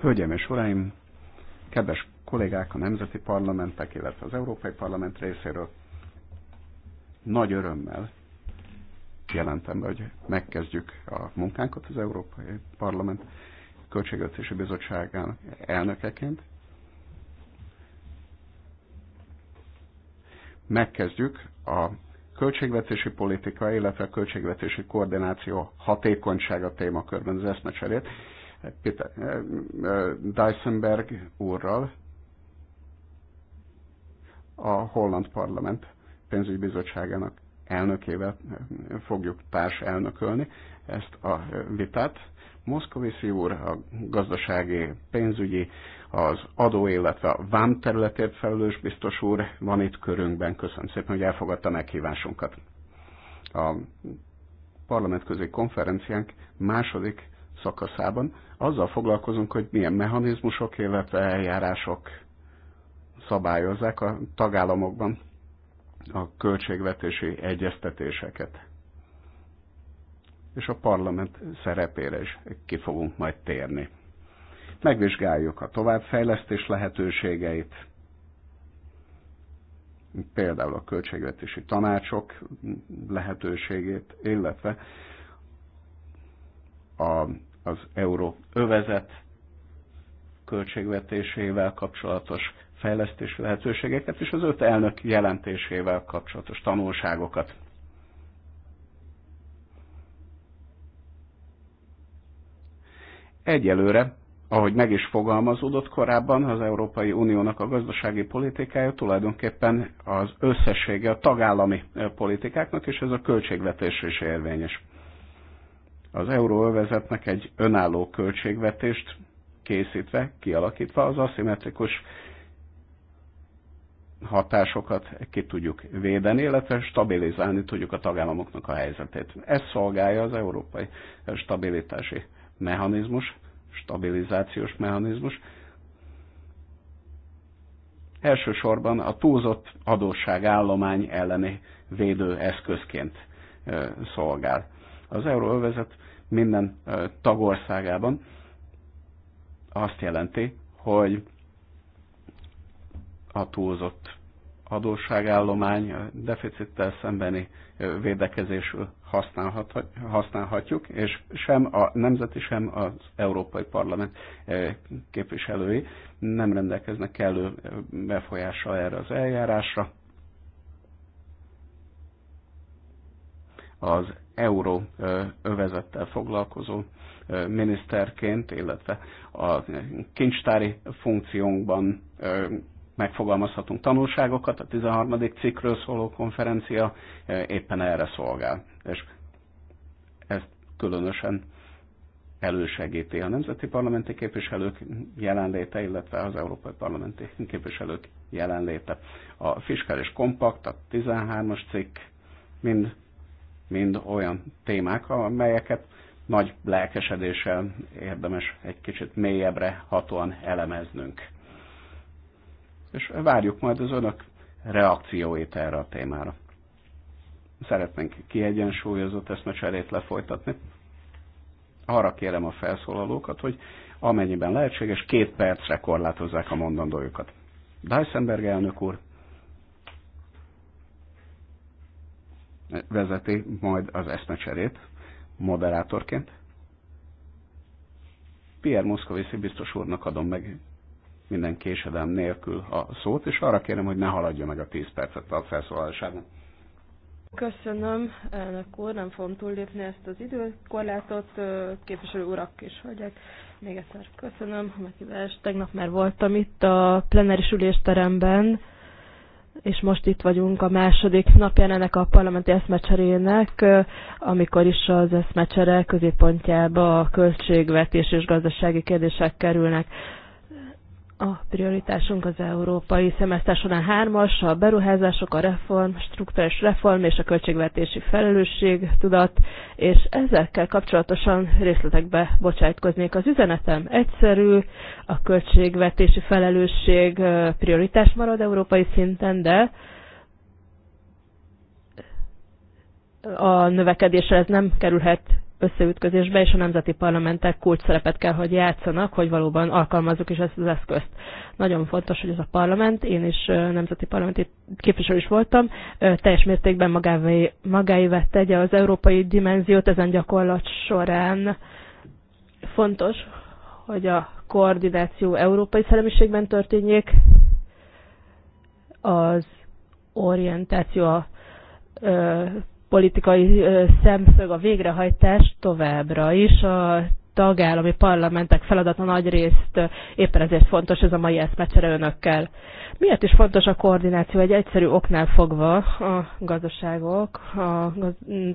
Hölgyeim és uraim, kedves kollégák a nemzeti parlamentek, illetve az Európai Parlament részéről, nagy örömmel jelentem be, hogy megkezdjük a munkánkat az Európai Parlament Költségvetési Bizottságának elnökeként. Megkezdjük a költségvetési politika, illetve a költségvetési koordináció hatékonysága témakörben az eszmecserét. Peter, eh, eh, Dysenberg úrral a holland parlament pénzügybizottságának elnökével eh, fogjuk társ elnökölni ezt a vitát. Moszkoviszi úr a gazdasági, pénzügyi, az adó, illetve a vám területért felelős biztos úr van itt körünkben. Köszönöm szépen, hogy elfogadta meghívásunkat. A parlamentközi konferenciánk második szakaszában azzal foglalkozunk, hogy milyen mechanizmusok, illetve eljárások szabályozzák a tagállamokban a költségvetési egyeztetéseket. És a parlament szerepére is ki fogunk majd térni. Megvizsgáljuk a továbbfejlesztés lehetőségeit, például a költségvetési tanácsok lehetőségét, illetve a, az euró övezet költségvetésével kapcsolatos fejlesztési lehetőségeket és az öt elnök jelentésével kapcsolatos tanulságokat. Egyelőre ahogy meg is fogalmazódott korábban, az Európai Uniónak a gazdasági politikája tulajdonképpen az összessége a tagállami politikáknak, és ez a költségvetésre is érvényes. Az euróövezetnek egy önálló költségvetést készítve, kialakítva az aszimetrikus hatásokat ki tudjuk védeni, illetve stabilizálni tudjuk a tagállamoknak a helyzetét. Ez szolgálja az európai stabilitási mechanizmus, stabilizációs mechanizmus, elsősorban a túlzott adósságállomány elleni eszközként szolgál. Az euróövezet minden tagországában azt jelenti, hogy a túlzott adósságállomány, deficittel szembeni védekezésül használhatjuk, és sem a nemzeti, sem az Európai Parlament eh, képviselői nem rendelkeznek kellő eh, befolyással erre az eljárásra. Az euró eh, övezettel foglalkozó miniszterként, illetve a kincstári funkciónkban megfogalmazhatunk tanulságokat, a 13. cikkről szóló konferencia éppen erre szolgál és ezt különösen elősegíti a nemzeti parlamenti képviselők jelenléte, illetve az európai parlamenti képviselők jelenléte. A fiskális kompakt, a 13-as cikk mind, mind olyan témák, amelyeket nagy lelkesedéssel érdemes egy kicsit mélyebbre hatóan elemeznünk. És várjuk majd az önök reakcióit erre a témára szeretnénk kiegyensúlyozott eszmecserét lefolytatni. Arra kérem a felszólalókat, hogy amennyiben lehetséges, két percre korlátozzák a mondandójukat. Dysenberg elnök úr vezeti majd az eszmecserét moderátorként. Pierre Moszkovici biztos úrnak adom meg minden késedem nélkül a szót, és arra kérem, hogy ne haladja meg a 10 percet a felszólalásában. Köszönöm, elnök úr, nem fogom túllépni ezt az időkorlátot, képviselő urak és hölgyek. Még egyszer köszönöm, meghívást. Tegnap már voltam itt a plenáris ülésteremben, és most itt vagyunk a második napján ennek a parlamenti eszmecserének, amikor is az eszmecsere középpontjába a költségvetés és gazdasági kérdések kerülnek a prioritásunk az európai szemeszter során hármas, a beruházások, a reform, struktúrás reform és a költségvetési felelősség tudat, és ezekkel kapcsolatosan részletekbe bocsájtkoznék. Az üzenetem egyszerű, a költségvetési felelősség prioritás marad európai szinten, de a növekedésre ez nem kerülhet összeütközésbe, és a nemzeti parlamentek kulcs szerepet kell, hogy játszanak, hogy valóban alkalmazzuk is ezt az eszközt. Nagyon fontos, hogy ez a parlament, én is nemzeti parlamenti képviselő is voltam, teljes mértékben magávé, magáévá tegye az európai dimenziót ezen gyakorlat során. Fontos, hogy a koordináció európai szellemiségben történjék, az orientáció a politikai szemszög a végrehajtás továbbra is a tagállami parlamentek feladata nagy részt, éppen ezért fontos ez a mai eszmecsere önökkel. Miért is fontos a koordináció? Egy egyszerű oknál fogva a gazdaságok, a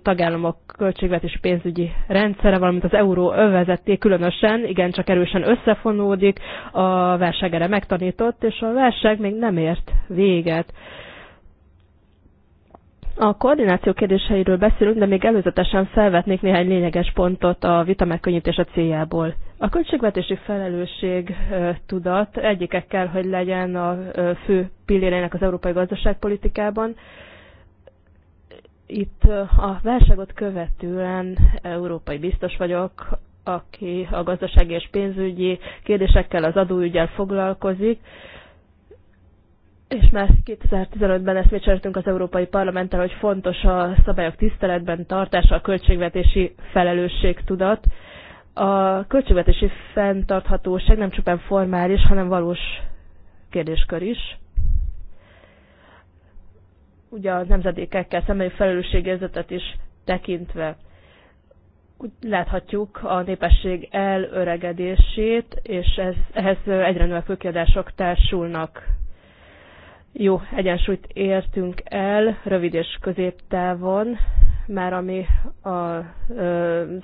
tagállamok költségvetési pénzügyi rendszere, valamint az euró övezeté különösen, igen, csak erősen összefonódik, a válság erre megtanított, és a válság még nem ért véget. A koordináció kérdéseiről beszélünk, de még előzetesen felvetnék néhány lényeges pontot a vita megkönnyítése céljából. A költségvetési felelősség tudat egyikekkel, kell, hogy legyen a fő pillérének az európai gazdaságpolitikában. Itt a válságot követően európai biztos vagyok, aki a gazdasági és pénzügyi kérdésekkel, az adóügyel foglalkozik és már 2015-ben ezt cseréltünk az Európai Parlamenttel, hogy fontos a szabályok tiszteletben tartása, a költségvetési felelősségtudat. A költségvetési fenntarthatóság nem csupán formális, hanem valós kérdéskör is. Ugye a nemzedékekkel szembeni felelősségérzetet is tekintve úgy láthatjuk a népesség elöregedését, és ez, ehhez egyre növekvő kiadások társulnak jó egyensúlyt értünk el rövid és középtávon, már ami a, az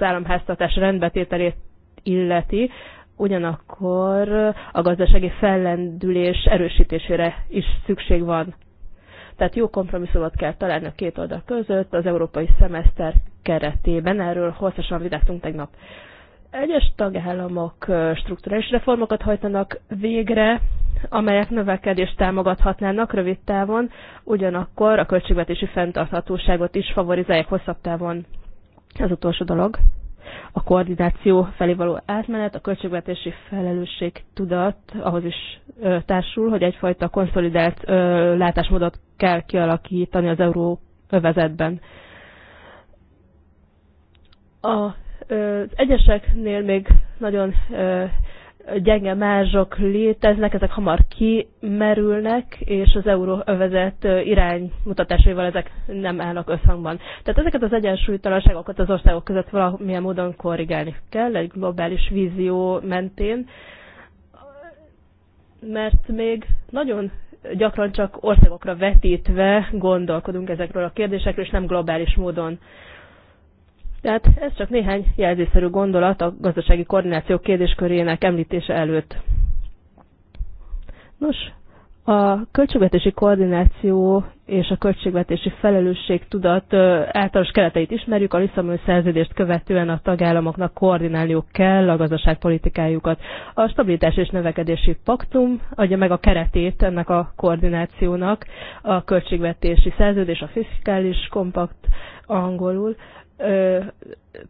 államháztatás rendbetételét illeti, ugyanakkor a gazdasági fellendülés erősítésére is szükség van. Tehát jó kompromisszumot kell találni a két oldal között az európai szemeszter keretében. Erről hosszasan vitáztunk tegnap. Egyes tagállamok strukturális reformokat hajtanak végre, amelyek növekedést támogathatnának rövid távon, ugyanakkor a költségvetési fenntarthatóságot is favorizálják hosszabb távon. Az utolsó dolog a koordináció felé való átmenet, a költségvetési felelősség tudat ahhoz is ö, társul, hogy egyfajta konszolidált ö, látásmódot kell kialakítani az euróvezetben. A, ö, az egyeseknél még nagyon ö, gyenge mázsok léteznek, ezek hamar kimerülnek, és az euróövezet iránymutatásaival ezek nem állnak összhangban. Tehát ezeket az egyensúlytalanságokat az országok között valamilyen módon korrigálni kell, egy globális vízió mentén, mert még nagyon gyakran csak országokra vetítve gondolkodunk ezekről a kérdésekről, és nem globális módon. Tehát ez csak néhány jelzésszerű gondolat a gazdasági koordináció kérdéskörének említése előtt. Nos, a költségvetési koordináció és a költségvetési felelősség tudat általános kereteit ismerjük, a Lisszaboni szerződést követően a tagállamoknak koordinálniuk kell a gazdaságpolitikájukat. A stabilitás és növekedési paktum adja meg a keretét ennek a koordinációnak, a költségvetési szerződés, a fiskális kompakt angolul,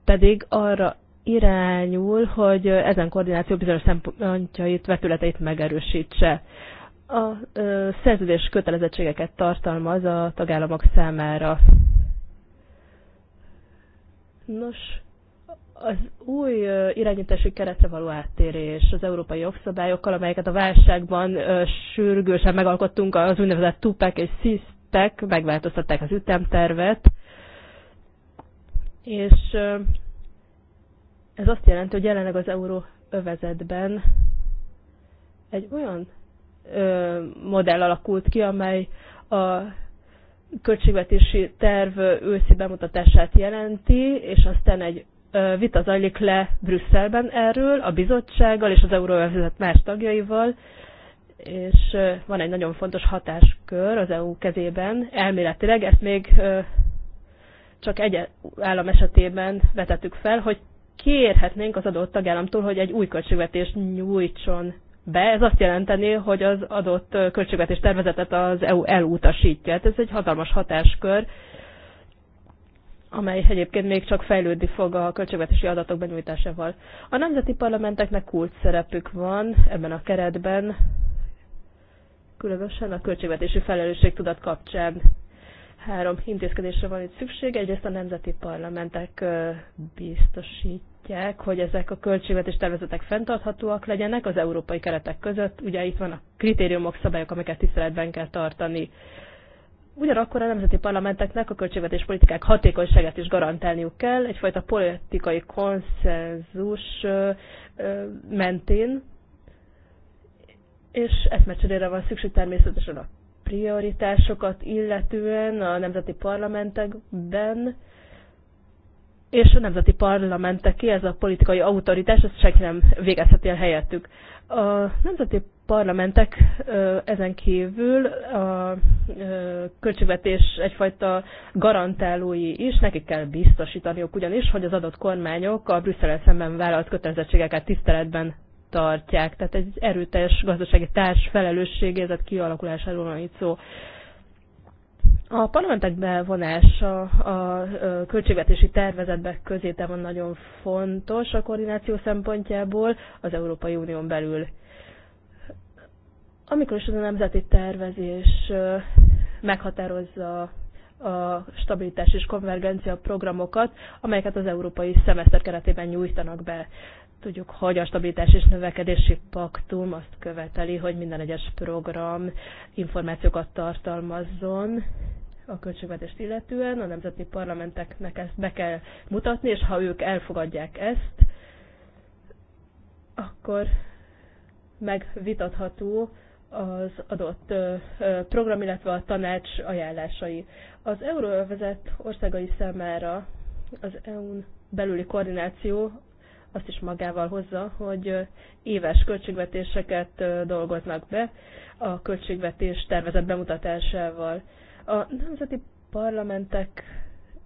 pedig arra irányul, hogy ezen koordináció bizonyos szempontjait, vetületeit megerősítse. A szerződés kötelezettségeket tartalmaz a tagállamok számára. Nos, az új irányítási keretre való áttérés az európai jogszabályokkal, amelyeket a válságban sürgősen megalkottunk, az úgynevezett TUPEK és SISTEC megváltoztatták az ütemtervet, és ez azt jelenti, hogy jelenleg az euró övezetben egy olyan ö, modell alakult ki, amely a költségvetési terv őszi bemutatását jelenti, és aztán egy ö, vita zajlik le Brüsszelben erről, a bizottsággal és az euróövezet más tagjaival, és ö, van egy nagyon fontos hatáskör az EU kezében. Elméletileg ezt még ö, csak egy állam esetében vetettük fel, hogy kérhetnénk az adott tagállamtól, hogy egy új költségvetést nyújtson be. Ez azt jelenteni, hogy az adott költségvetés tervezetet az EU elutasítja. Hát ez egy hatalmas hatáskör, amely egyébként még csak fejlődni fog a költségvetési adatok benyújtásával. A nemzeti parlamenteknek kult szerepük van ebben a keretben, különösen a költségvetési felelősség tudat kapcsán. Három intézkedésre van itt szükség. Egyrészt a nemzeti parlamentek biztosítják, hogy ezek a költségvetés tervezetek fenntarthatóak legyenek az európai keretek között. Ugye itt van a kritériumok, szabályok, amiket tiszteletben kell tartani. Ugyanakkor a nemzeti parlamenteknek a politikák hatékonyságát is garantálniuk kell, egyfajta politikai konszenzus mentén, és ezt van szükség természetesen a prioritásokat illetően a nemzeti parlamentekben, és a nemzeti parlamenteké ez a politikai autoritás, ezt senki nem végezheti el helyettük. A nemzeti parlamentek ezen kívül a költségvetés egyfajta garantálói is, nekik kell biztosítaniuk ugyanis, hogy az adott kormányok a Brüsszel szemben vállalt kötelezettségeket tiszteletben tartják. Tehát egy erőteljes gazdasági társ felelősség, felelősségérzet kialakulásáról van itt szó. A parlamentek bevonása a költségvetési tervezetbe van nagyon fontos a koordináció szempontjából az Európai Unión belül. Amikor is az a nemzeti tervezés meghatározza a stabilitás és konvergencia programokat, amelyeket az európai szemeszter keretében nyújtanak be. Tudjuk, hogy a stabilitás és növekedési paktum azt követeli, hogy minden egyes program információkat tartalmazzon a költségvetést illetően, a nemzeti parlamenteknek ezt be kell mutatni, és ha ők elfogadják ezt, akkor megvitatható az adott program, illetve a tanács ajánlásai. Az euróövezet országai számára az EU-n belüli koordináció azt is magával hozza, hogy éves költségvetéseket dolgoznak be a költségvetés tervezett bemutatásával. A nemzeti parlamentek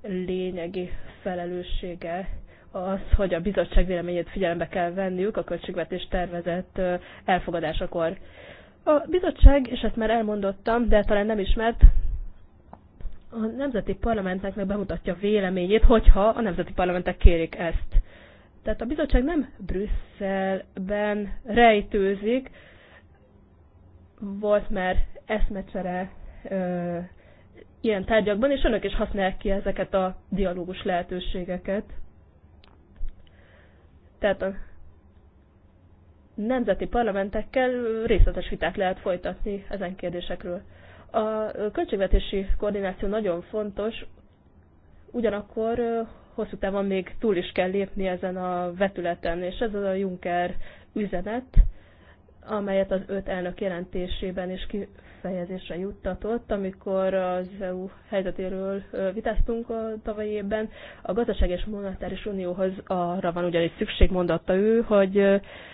lényegi felelőssége az, hogy a bizottság véleményét figyelembe kell venniük a költségvetés tervezett elfogadásakor. A bizottság, és ezt már elmondottam, de talán nem ismert, a nemzeti parlamenteknek bemutatja véleményét, hogyha a nemzeti parlamentek kérik ezt. Tehát a bizottság nem Brüsszelben rejtőzik, volt már eszmecsere ö, ilyen tárgyakban, és önök is használják ki ezeket a dialógus lehetőségeket. Tehát a nemzeti parlamentekkel részletes viták lehet folytatni ezen kérdésekről. A költségvetési koordináció nagyon fontos, ugyanakkor hosszú távon még túl is kell lépni ezen a vetületen, és ez az a Juncker üzenet, amelyet az öt elnök jelentésében is kifejezésre juttatott, amikor az EU helyzetéről vitáztunk a tavalyi évben. A gazdaság és monetáris unióhoz arra van ugyanis szükség, mondatta ő, hogy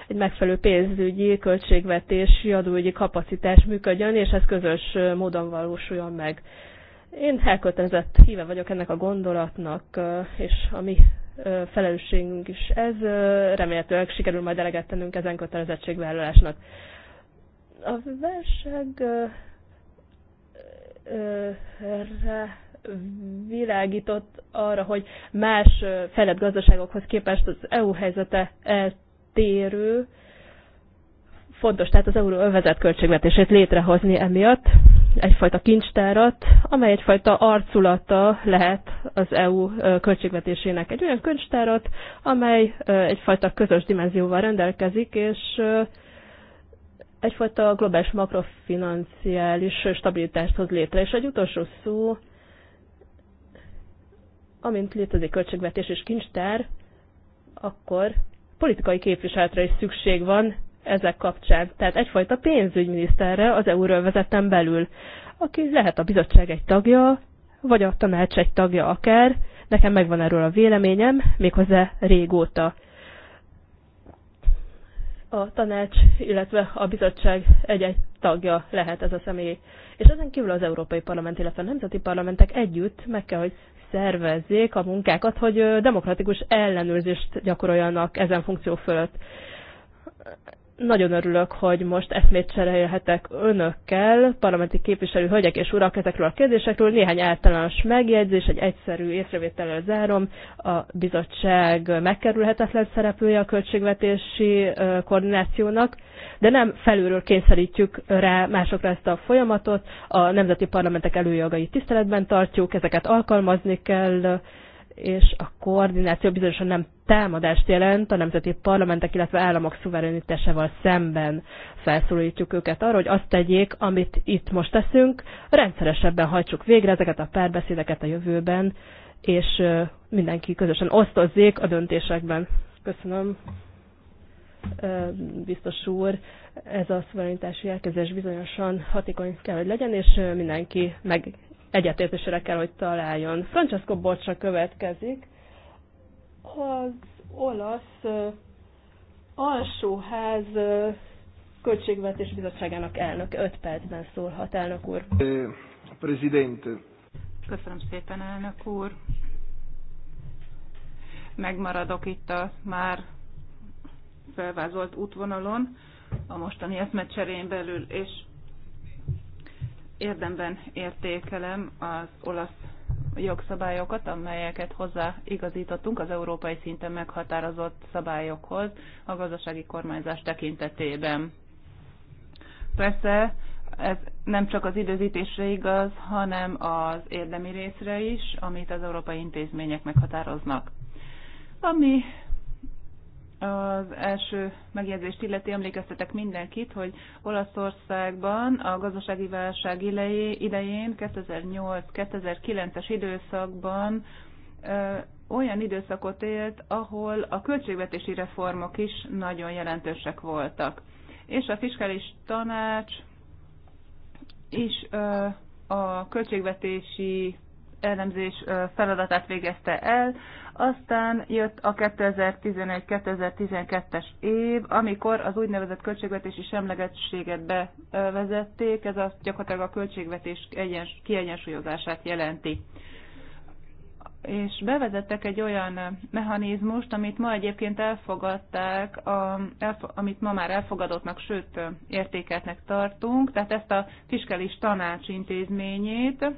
egy megfelelő pénzügyi, költségvetési, adóügyi kapacitás működjön, és ez közös módon valósuljon meg. Én elkötelezett híve vagyok ennek a gondolatnak, és a mi felelősségünk is ez. Remélhetőleg sikerül majd eleget tennünk ezen kötelezettségvállalásnak. A erre világított arra, hogy más fejlett gazdaságokhoz képest az EU helyzete eltérő, fontos tehát az övezet költségvetését létrehozni emiatt egyfajta kincstárat, amely egyfajta arculata lehet az EU költségvetésének. Egy olyan kincstárat, amely egyfajta közös dimenzióval rendelkezik, és egyfajta globális makrofinanciális stabilitást hoz létre. És egy utolsó szó, amint létezik költségvetés és kincstár, akkor politikai képviseletre is szükség van, ezek kapcsán. Tehát egyfajta pénzügyminiszterre az euróvezeten belül, aki lehet a bizottság egy tagja, vagy a tanács egy tagja akár. Nekem megvan erről a véleményem, méghozzá régóta. A tanács, illetve a bizottság egy-egy tagja lehet ez a személy. És ezen kívül az Európai Parlament, illetve a nemzeti parlamentek együtt meg kell, hogy szervezzék a munkákat, hogy demokratikus ellenőrzést gyakoroljanak ezen funkció fölött nagyon örülök, hogy most eszmét cserélhetek önökkel, parlamenti képviselő hölgyek és urak, ezekről a kérdésekről néhány általános megjegyzés, egy egyszerű észrevétellel zárom. A bizottság megkerülhetetlen szereplője a költségvetési koordinációnak, de nem felülről kényszerítjük rá másokra ezt a folyamatot. A nemzeti parlamentek előjogait tiszteletben tartjuk, ezeket alkalmazni kell, és a koordináció bizonyosan nem támadást jelent a nemzeti parlamentek, illetve államok szuverenitásával szemben felszólítjuk őket arra, hogy azt tegyék, amit itt most teszünk, rendszeresebben hajtsuk végre ezeket a párbeszédeket a jövőben, és mindenki közösen osztozzék a döntésekben. Köszönöm, biztos úr. Ez a szuverenitási elkezdés bizonyosan hatékony kell, hogy legyen, és mindenki meg egyetértésre kell, hogy találjon. Francesco Borcsa következik. Az olasz alsóház költségvetés bizottságának elnök 5 percben szólhat, elnök úr. Presidente. Köszönöm szépen, elnök úr. Megmaradok itt a már felvázolt útvonalon a mostani eszmecserén belül, és érdemben értékelem az olasz jogszabályokat, amelyeket hozzáigazítottunk az európai szinten meghatározott szabályokhoz a gazdasági kormányzás tekintetében. Persze ez nem csak az időzítésre igaz, hanem az érdemi részre is, amit az európai intézmények meghatároznak. Ami az első megjegyzést illeti emlékeztetek mindenkit, hogy Olaszországban a gazdasági válság idején 2008-2009-es időszakban olyan időszakot élt, ahol a költségvetési reformok is nagyon jelentősek voltak. És a fiskális tanács is a költségvetési elemzés feladatát végezte el, aztán jött a 2011-2012-es év, amikor az úgynevezett költségvetési semlegességet bevezették, ez azt gyakorlatilag a költségvetés kiegyensúlyozását jelenti. És bevezettek egy olyan mechanizmust, amit ma egyébként elfogadták, a, elf, amit ma már elfogadottnak, sőt értékeltnek tartunk, tehát ezt a fiskális tanács intézményét,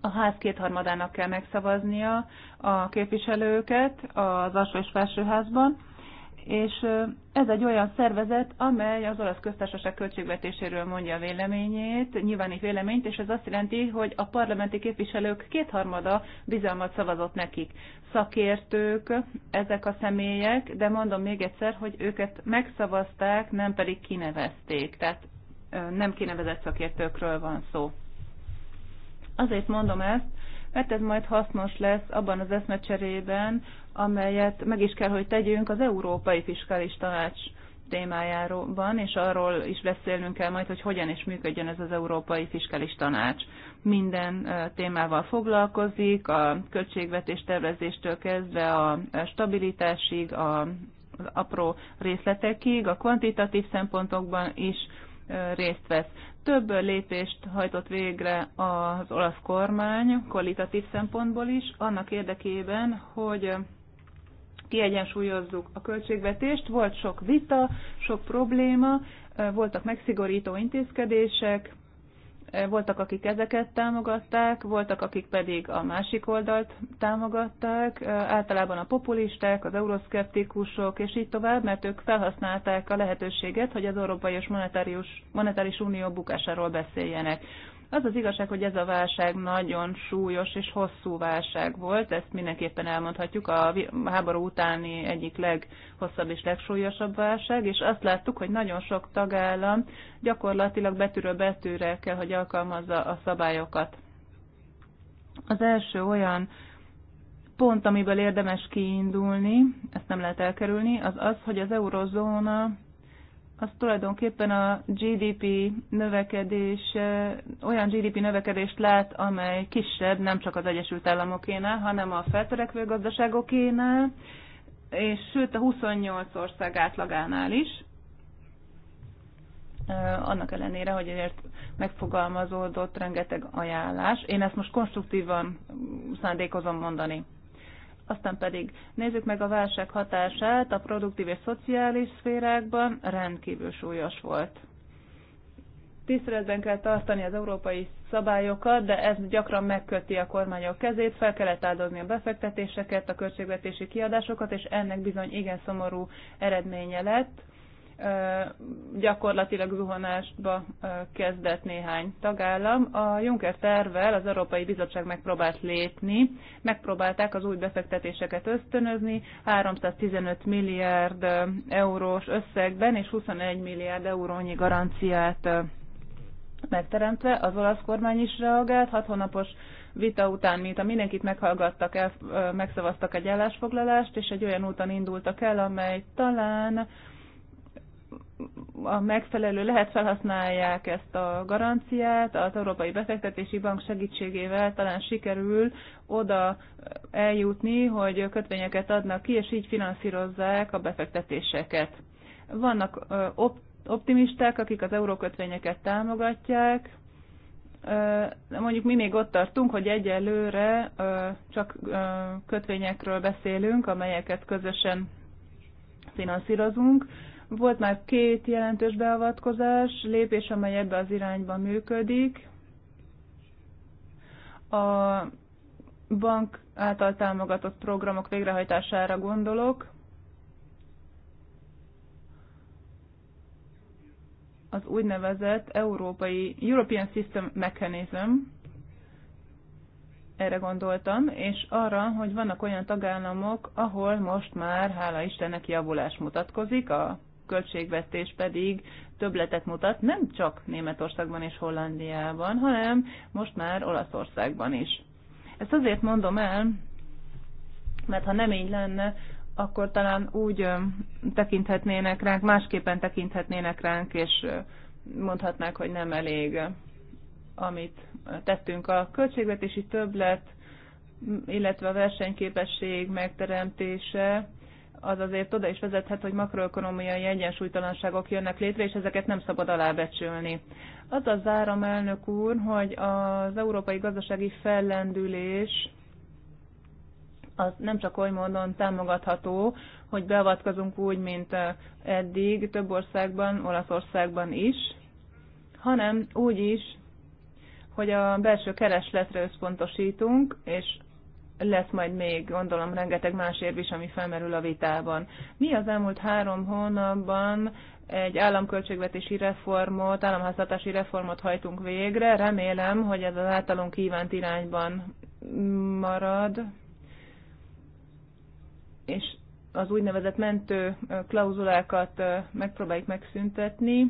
a ház kétharmadának kell megszavaznia a képviselőket az alsó és felsőházban, és ez egy olyan szervezet, amely az olasz köztársaság költségvetéséről mondja a véleményét, nyilvánít véleményt, és ez azt jelenti, hogy a parlamenti képviselők kétharmada bizalmat szavazott nekik. Szakértők ezek a személyek, de mondom még egyszer, hogy őket megszavazták, nem pedig kinevezték. Tehát nem kinevezett szakértőkről van szó. Azért mondom ezt, mert ez majd hasznos lesz abban az eszmecserében, amelyet meg is kell, hogy tegyünk az Európai Fiskális Tanács témájáróban, és arról is beszélnünk kell majd, hogy hogyan is működjön ez az Európai Fiskális Tanács. Minden témával foglalkozik, a költségvetés tervezéstől kezdve a stabilitásig, a, az apró részletekig, a kvantitatív szempontokban is részt vesz több lépést hajtott végre az olasz kormány kvalitatív szempontból is, annak érdekében, hogy kiegyensúlyozzuk a költségvetést. Volt sok vita, sok probléma, voltak megszigorító intézkedések, voltak, akik ezeket támogatták, voltak, akik pedig a másik oldalt támogatták, általában a populisták, az euroszkeptikusok, és így tovább, mert ők felhasználták a lehetőséget, hogy az Európai és Monetáris, Monetáris Unió bukásáról beszéljenek. Az az igazság, hogy ez a válság nagyon súlyos és hosszú válság volt, ezt mindenképpen elmondhatjuk, a háború utáni egyik leghosszabb és legsúlyosabb válság, és azt láttuk, hogy nagyon sok tagállam gyakorlatilag betűről betűre kell, hogy alkalmazza a szabályokat. Az első olyan pont, amiből érdemes kiindulni, ezt nem lehet elkerülni, az az, hogy az eurozóna az tulajdonképpen a GDP növekedés, olyan GDP növekedést lát, amely kisebb nem csak az Egyesült Államokénál, hanem a feltörekvő gazdaságokénál, és sőt a 28 ország átlagánál is. Annak ellenére, hogy ezért megfogalmazódott rengeteg ajánlás. Én ezt most konstruktívan szándékozom mondani. Aztán pedig nézzük meg a válság hatását a produktív és szociális szférákban rendkívül súlyos volt. Tiszteletben kell tartani az európai szabályokat, de ez gyakran megköti a kormányok kezét, fel kellett áldozni a befektetéseket, a költségvetési kiadásokat, és ennek bizony igen szomorú eredménye lett gyakorlatilag zuhanásba kezdett néhány tagállam. A Juncker tervvel az Európai Bizottság megpróbált lépni, megpróbálták az új befektetéseket ösztönözni, 315 milliárd eurós összegben és 21 milliárd eurónyi garanciát megteremtve. Az olasz kormány is reagált, hat hónapos vita után, a mindenkit meghallgattak, el, megszavaztak egy állásfoglalást, és egy olyan úton indultak el, amely talán a megfelelő lehet felhasználják ezt a garanciát, az Európai Befektetési Bank segítségével talán sikerül oda eljutni, hogy kötvényeket adnak ki, és így finanszírozzák a befektetéseket. Vannak optimisták, akik az eurókötvényeket támogatják, mondjuk mi még ott tartunk, hogy egyelőre csak kötvényekről beszélünk, amelyeket közösen finanszírozunk, volt már két jelentős beavatkozás, lépés, amely ebbe az irányba működik. A bank által támogatott programok végrehajtására gondolok. Az úgynevezett Európai European System Mechanism, erre gondoltam, és arra, hogy vannak olyan tagállamok, ahol most már, hála Istennek, javulás mutatkozik a költségvetés pedig többletet mutat, nem csak Németországban és Hollandiában, hanem most már Olaszországban is. Ezt azért mondom el, mert ha nem így lenne, akkor talán úgy tekinthetnének ránk, másképpen tekinthetnének ránk, és mondhatnák, hogy nem elég, amit tettünk. A költségvetési többlet, illetve a versenyképesség megteremtése az azért oda is vezethet, hogy makroökonomiai egyensúlytalanságok jönnek létre, és ezeket nem szabad alábecsülni. az zárom, elnök úr, hogy az európai gazdasági fellendülés az nem csak oly módon támogatható, hogy beavatkozunk úgy, mint eddig több országban, Olaszországban is, hanem úgy is, hogy a belső keresletre összpontosítunk, és lesz majd még, gondolom, rengeteg más érv is, ami felmerül a vitában. Mi az elmúlt három hónapban egy államköltségvetési reformot, államháztartási reformot hajtunk végre. Remélem, hogy ez az általunk kívánt irányban marad. És az úgynevezett mentő klauzulákat megpróbáljuk megszüntetni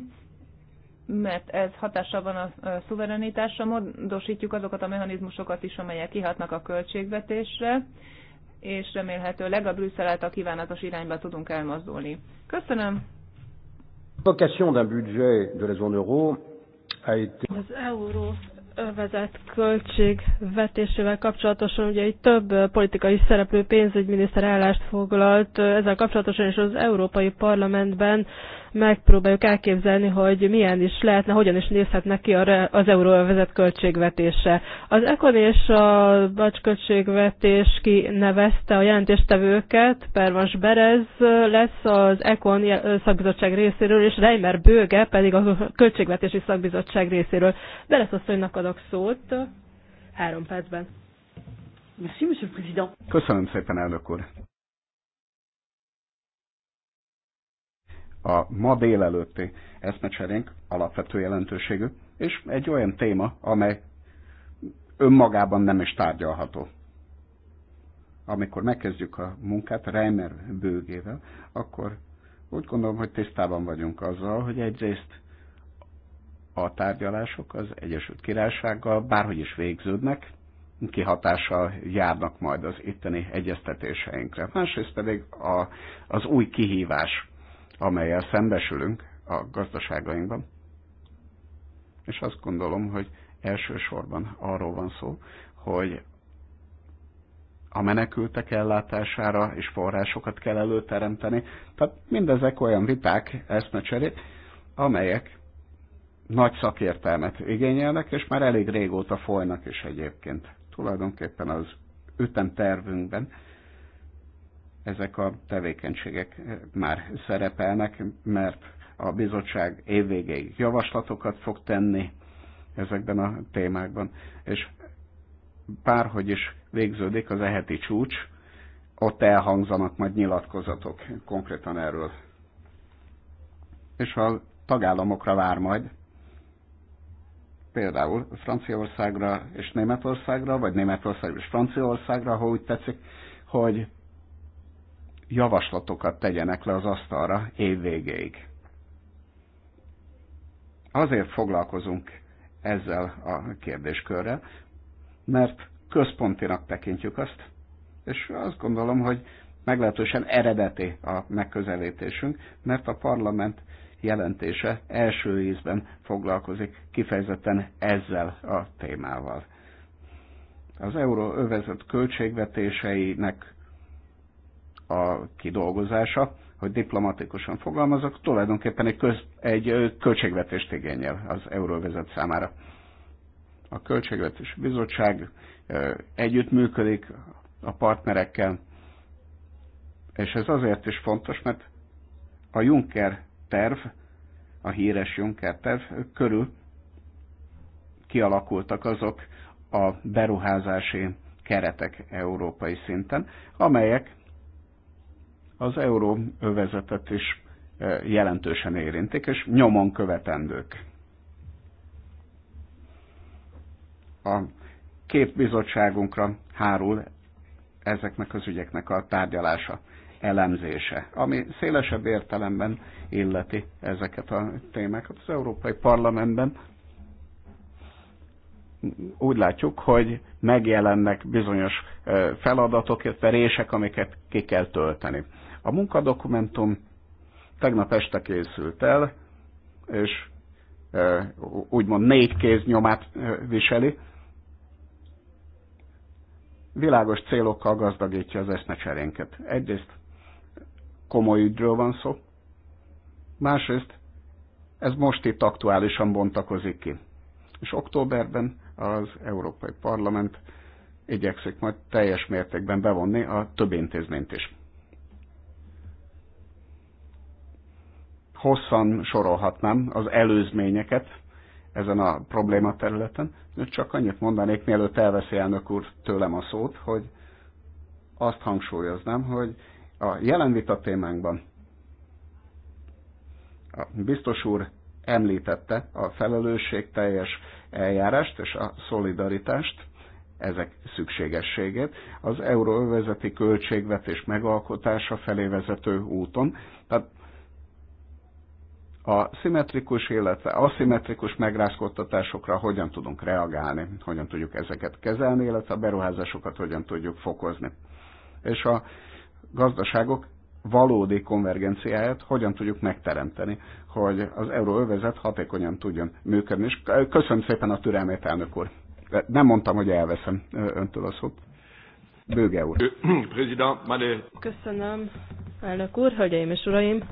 mert ez hatással van a szuverenitásra, módosítjuk azokat a mechanizmusokat is, amelyek kihatnak a költségvetésre, és remélhetőleg a Brüsszel által kívánatos irányba tudunk elmozdulni. Köszönöm! a Az euró övezet költségvetésével kapcsolatosan ugye egy több politikai szereplő pénzügyminiszter állást foglalt, ezzel kapcsolatosan is az Európai Parlamentben megpróbáljuk elképzelni, hogy milyen is lehetne, hogyan is nézhetne ki az euróvezet költségvetése. Az ECON és a BACS költségvetés kinevezte a jelentéstevőket, Pervans Berez lesz az ECON szakbizottság részéről, és Reimer Bőge pedig a költségvetési szakbizottság részéről. Berez asszonynak adok szót három percben. Köszönöm szépen, elnök úr. A ma délelőtti eszmecserénk alapvető jelentőségű, és egy olyan téma, amely önmagában nem is tárgyalható. Amikor megkezdjük a munkát Reimer bőgével, akkor úgy gondolom, hogy tisztában vagyunk azzal, hogy egyrészt a tárgyalások az Egyesült Királysággal bárhogy is végződnek, kihatással járnak majd az itteni egyeztetéseinkre. Másrészt pedig a, az új kihívás, amelyel szembesülünk a gazdaságainkban. És azt gondolom, hogy elsősorban arról van szó, hogy a menekültek ellátására és forrásokat kell előteremteni. Tehát mindezek olyan viták, eszmecserék, amelyek nagy szakértelmet igényelnek, és már elég régóta folynak is egyébként. Tulajdonképpen az ütemtervünkben ezek a tevékenységek eh, már szerepelnek, mert a bizottság évvégéig javaslatokat fog tenni ezekben a témákban, és bárhogy is végződik az eheti csúcs, ott elhangzanak majd nyilatkozatok konkrétan erről. És a tagállamokra vár majd, például Franciaországra és Németországra, vagy Németországra és Franciaországra, ha úgy tetszik, hogy javaslatokat tegyenek le az asztalra év végéig. Azért foglalkozunk ezzel a kérdéskörrel, mert központinak tekintjük azt, és azt gondolom, hogy meglehetősen eredeti a megközelítésünk, mert a parlament jelentése első ízben foglalkozik kifejezetten ezzel a témával. Az euróövezet költségvetéseinek a kidolgozása, hogy diplomatikusan fogalmazok, tulajdonképpen egy, köz, egy költségvetést igényel az euróvezet számára. A Költségvetési Bizottság együttműködik a partnerekkel, és ez azért is fontos, mert a Juncker terv, a híres Juncker terv körül kialakultak azok a beruházási keretek európai szinten, amelyek az euró övezetet is e, jelentősen érintik, és nyomon követendők. A két bizottságunkra hárul ezeknek az ügyeknek a tárgyalása, elemzése, ami szélesebb értelemben illeti ezeket a témákat az Európai Parlamentben. Úgy látjuk, hogy megjelennek bizonyos e, feladatok, illetve amiket ki kell tölteni a munkadokumentum tegnap este készült el, és e, úgymond négy kéz nyomát e, viseli. Világos célokkal gazdagítja az eszmecserénket. Egyrészt komoly ügyről van szó, másrészt ez most itt aktuálisan bontakozik ki. És októberben az Európai Parlament igyekszik majd teljes mértékben bevonni a több intézményt is. hosszan sorolhatnám az előzményeket ezen a probléma területen. Csak annyit mondanék, mielőtt elveszi elnök úr tőlem a szót, hogy azt hangsúlyoznám, hogy a jelen vita témánkban a biztos úr említette a felelősségteljes eljárást és a szolidaritást, ezek szükségességét, az euróövezeti költségvetés megalkotása felé vezető úton. Tehát a szimmetrikus, illetve aszimmetrikus megrázkodtatásokra hogyan tudunk reagálni, hogyan tudjuk ezeket kezelni, illetve a beruházásokat hogyan tudjuk fokozni. És a gazdaságok valódi konvergenciáját hogyan tudjuk megteremteni, hogy az euróövezet hatékonyan tudjon működni. És köszönöm szépen a türelmét, elnök úr. Nem mondtam, hogy elveszem öntől a szót. Bőge úr. Köszönöm, elnök úr, hölgyeim és uraim.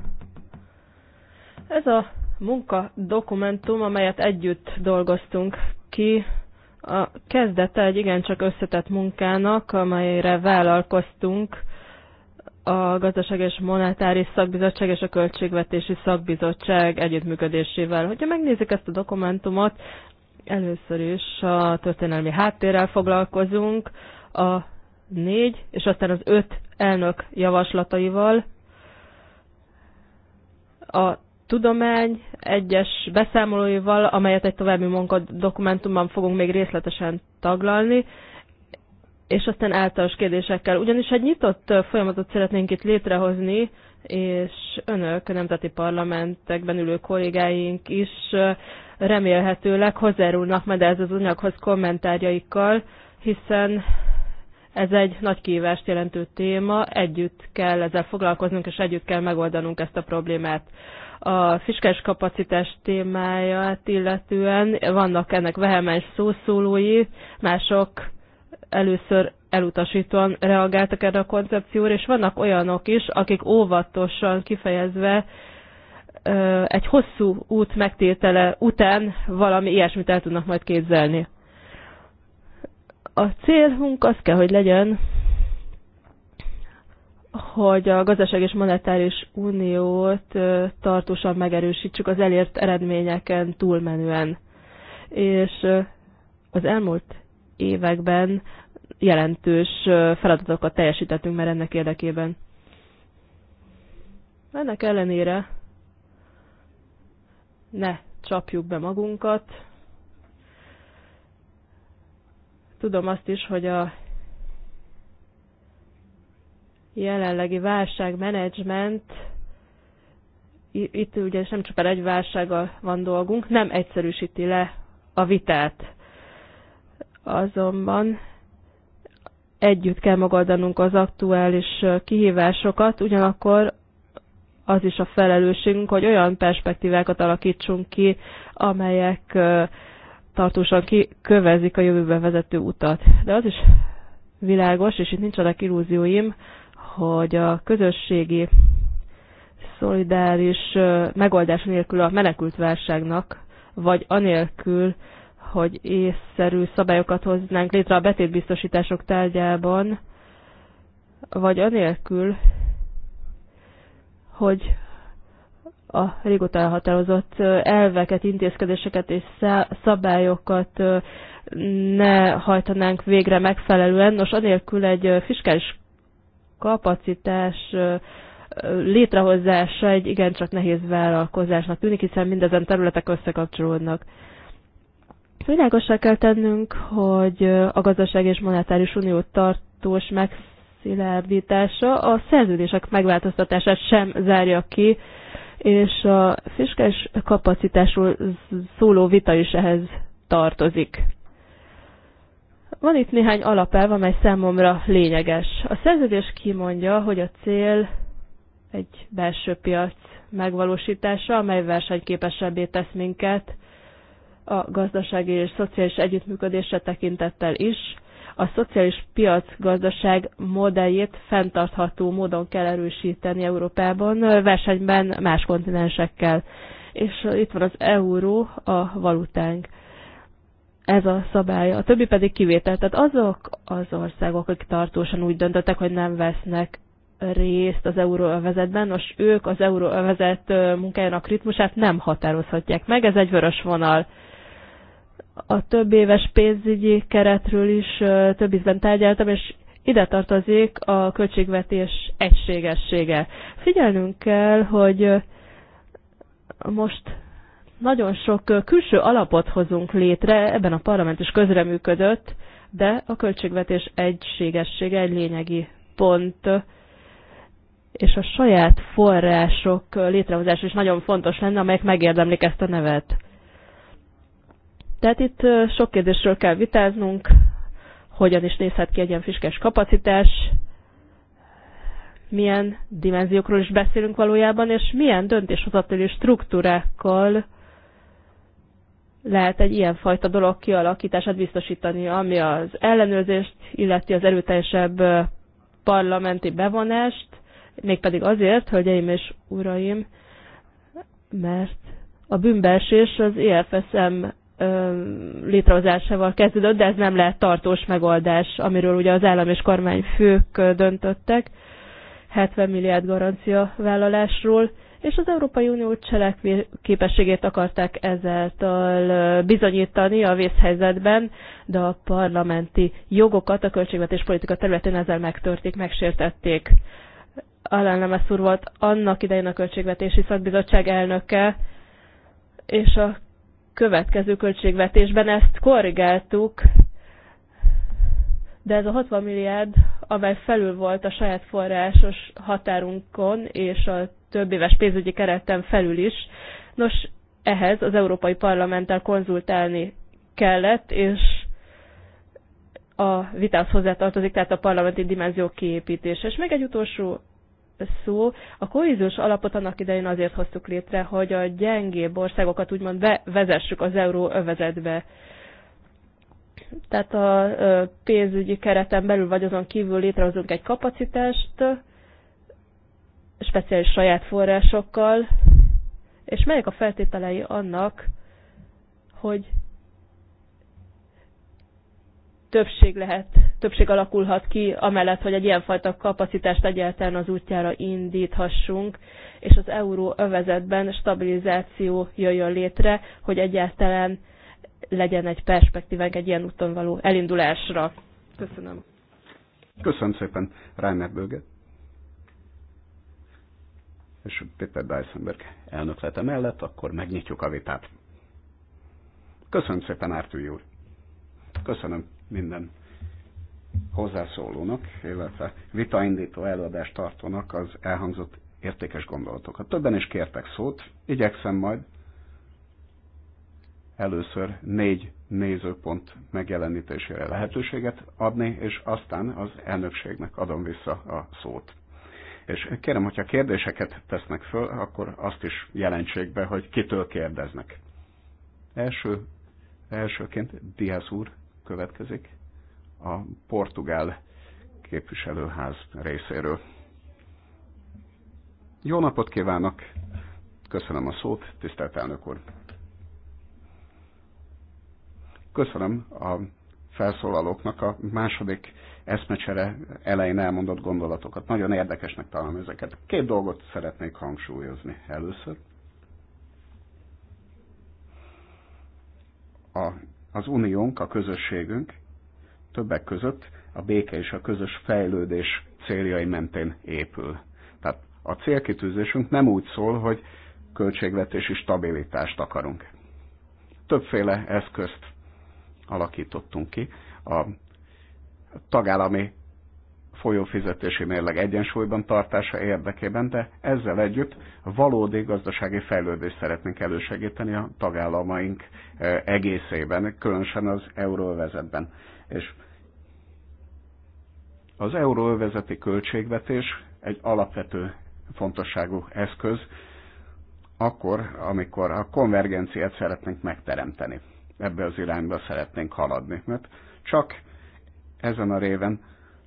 Ez a munka dokumentum, amelyet együtt dolgoztunk ki, a kezdete egy igencsak összetett munkának, amelyre vállalkoztunk a Gazdaság és Monetáris Szakbizottság és a Költségvetési Szakbizottság együttműködésével. Hogyha megnézik ezt a dokumentumot, először is a történelmi háttérrel foglalkozunk, a négy, és aztán az öt elnök javaslataival, a tudomány egyes beszámolóival, amelyet egy további munkadokumentumban fogunk még részletesen taglalni, és aztán általános kérdésekkel. Ugyanis egy nyitott folyamatot szeretnénk itt létrehozni, és önök, nemzeti parlamentekben ülő kollégáink is remélhetőleg hozzárulnak majd ez az anyaghoz kommentárjaikkal, hiszen ez egy nagy kívást jelentő téma, együtt kell ezzel foglalkoznunk, és együtt kell megoldanunk ezt a problémát a fiskás kapacitás témáját illetően vannak ennek vehemens szószólói, mások először elutasítóan reagáltak erre a koncepcióra, és vannak olyanok is, akik óvatosan kifejezve egy hosszú út megtétele után valami ilyesmit el tudnak majd képzelni. A célunk az kell, hogy legyen, hogy a gazdaság és monetáris uniót tartósan megerősítsük az elért eredményeken túlmenően. És az elmúlt években jelentős feladatokat teljesítettünk már ennek érdekében. Ennek ellenére ne csapjuk be magunkat. Tudom azt is, hogy a jelenlegi válságmenedzsment, itt ugye nem csupán egy válsággal van dolgunk, nem egyszerűsíti le a vitát. Azonban együtt kell megoldanunk az aktuális kihívásokat, ugyanakkor az is a felelősségünk, hogy olyan perspektívákat alakítsunk ki, amelyek tartósan kövezik a jövőbe vezető utat. De az is világos, és itt nincsenek illúzióim, hogy a közösségi szolidáris megoldás nélkül a menekült válságnak, vagy anélkül, hogy észszerű szabályokat hoznánk létre a betétbiztosítások tárgyában, vagy anélkül, hogy a régóta elhatározott elveket, intézkedéseket és szabályokat ne hajtanánk végre megfelelően. Nos, anélkül egy fiskális kapacitás létrehozása egy igencsak nehéz vállalkozásnak tűnik, hiszen mindezen területek összekapcsolódnak. Világosra kell tennünk, hogy a gazdaság és monetáris unió tartós megszilárdítása a szerződések megváltoztatását sem zárja ki, és a fiskális kapacitásról szóló vita is ehhez tartozik. Van itt néhány alapelv, amely számomra lényeges. A szerződés kimondja, hogy a cél egy belső piac megvalósítása, amely versenyképesebbé tesz minket a gazdasági és szociális együttműködésre tekintettel is. A szociális piac gazdaság modelljét fenntartható módon kell erősíteni Európában, versenyben más kontinensekkel. És itt van az euró, a valutánk ez a szabály, a többi pedig kivétel. Tehát azok az országok, akik tartósan úgy döntöttek, hogy nem vesznek részt az euróövezetben, most ők az euróövezet munkájának ritmusát nem határozhatják meg, ez egy vörös vonal. A több éves pénzügyi keretről is több ízben tárgyaltam, és ide tartozik a költségvetés egységessége. Figyelnünk kell, hogy most nagyon sok külső alapot hozunk létre, ebben a parlament is közreműködött, de a költségvetés egységessége egy lényegi pont, és a saját források létrehozása is nagyon fontos lenne, amelyek megérdemlik ezt a nevet. Tehát itt sok kérdésről kell vitáznunk, hogyan is nézhet ki egy ilyen fiskes kapacitás, milyen dimenziókról is beszélünk valójában, és milyen döntéshozatali struktúrákkal lehet egy ilyenfajta dolog kialakítását biztosítani, ami az ellenőrzést illeti az erőteljesebb parlamenti bevonást, mégpedig azért, hölgyeim és uraim, mert a bűnbeesés az EFSM létrehozásával kezdődött, de ez nem lehet tartós megoldás, amiről ugye az állam és kormány fők döntöttek, 70 milliárd garancia vállalásról, és az Európai Unió képességét akarták ezáltal bizonyítani a vészhelyzetben, de a parlamenti jogokat a költségvetés politika területén ezzel megtörték, megsértették. Alán Lemesz úr volt annak idején a Költségvetési Szakbizottság elnöke, és a következő költségvetésben ezt korrigáltuk, de ez a 60 milliárd amely felül volt a saját forrásos határunkon és a több éves pénzügyi kereten felül is. Nos, ehhez az Európai Parlamenttel konzultálni kellett, és a vitához hozzátartozik, tehát a parlamenti dimenzió kiépítése. És még egy utolsó szó, a kohéziós alapot annak idején azért hoztuk létre, hogy a gyengébb országokat úgymond bevezessük az euróövezetbe tehát a pénzügyi kereten belül vagy azon kívül létrehozunk egy kapacitást, speciális saját forrásokkal, és melyek a feltételei annak, hogy többség lehet, többség alakulhat ki, amellett, hogy egy ilyenfajta kapacitást egyáltalán az útjára indíthassunk, és az euró övezetben stabilizáció jöjjön létre, hogy egyáltalán legyen egy perspektívánk egy ilyen úton való elindulásra. Köszönöm. Köszönöm szépen, Reimer Böget és Peter Dysenberg elnöklete mellett, akkor megnyitjuk a vitát. Köszönöm szépen, Ártúj úr! Köszönöm minden hozzászólónak, illetve vitaindító előadást tartónak az elhangzott értékes gondolatokat. Többen is kértek szót, igyekszem majd először négy nézőpont megjelenítésére lehetőséget adni, és aztán az elnökségnek adom vissza a szót. És kérem, hogyha kérdéseket tesznek föl, akkor azt is jelentsék be, hogy kitől kérdeznek. Első, elsőként Diaz úr következik a portugál képviselőház részéről. Jó napot kívánok! Köszönöm a szót, tisztelt elnök úr! Köszönöm a felszólalóknak a második eszmecsere elején elmondott gondolatokat. Nagyon érdekesnek találom ezeket. Két dolgot szeretnék hangsúlyozni először. A, az uniónk, a közösségünk többek között a béke és a közös fejlődés céljai mentén épül. Tehát a célkitűzésünk nem úgy szól, hogy költségvetési stabilitást akarunk. Többféle eszközt alakítottunk ki. A tagállami folyófizetési mérleg egyensúlyban tartása érdekében, de ezzel együtt valódi gazdasági fejlődést szeretnénk elősegíteni a tagállamaink e, egészében, különösen az euróvezetben. És az euróvezeti költségvetés egy alapvető fontosságú eszköz, akkor, amikor a konvergenciát szeretnénk megteremteni ebbe az irányba szeretnénk haladni, mert csak ezen a réven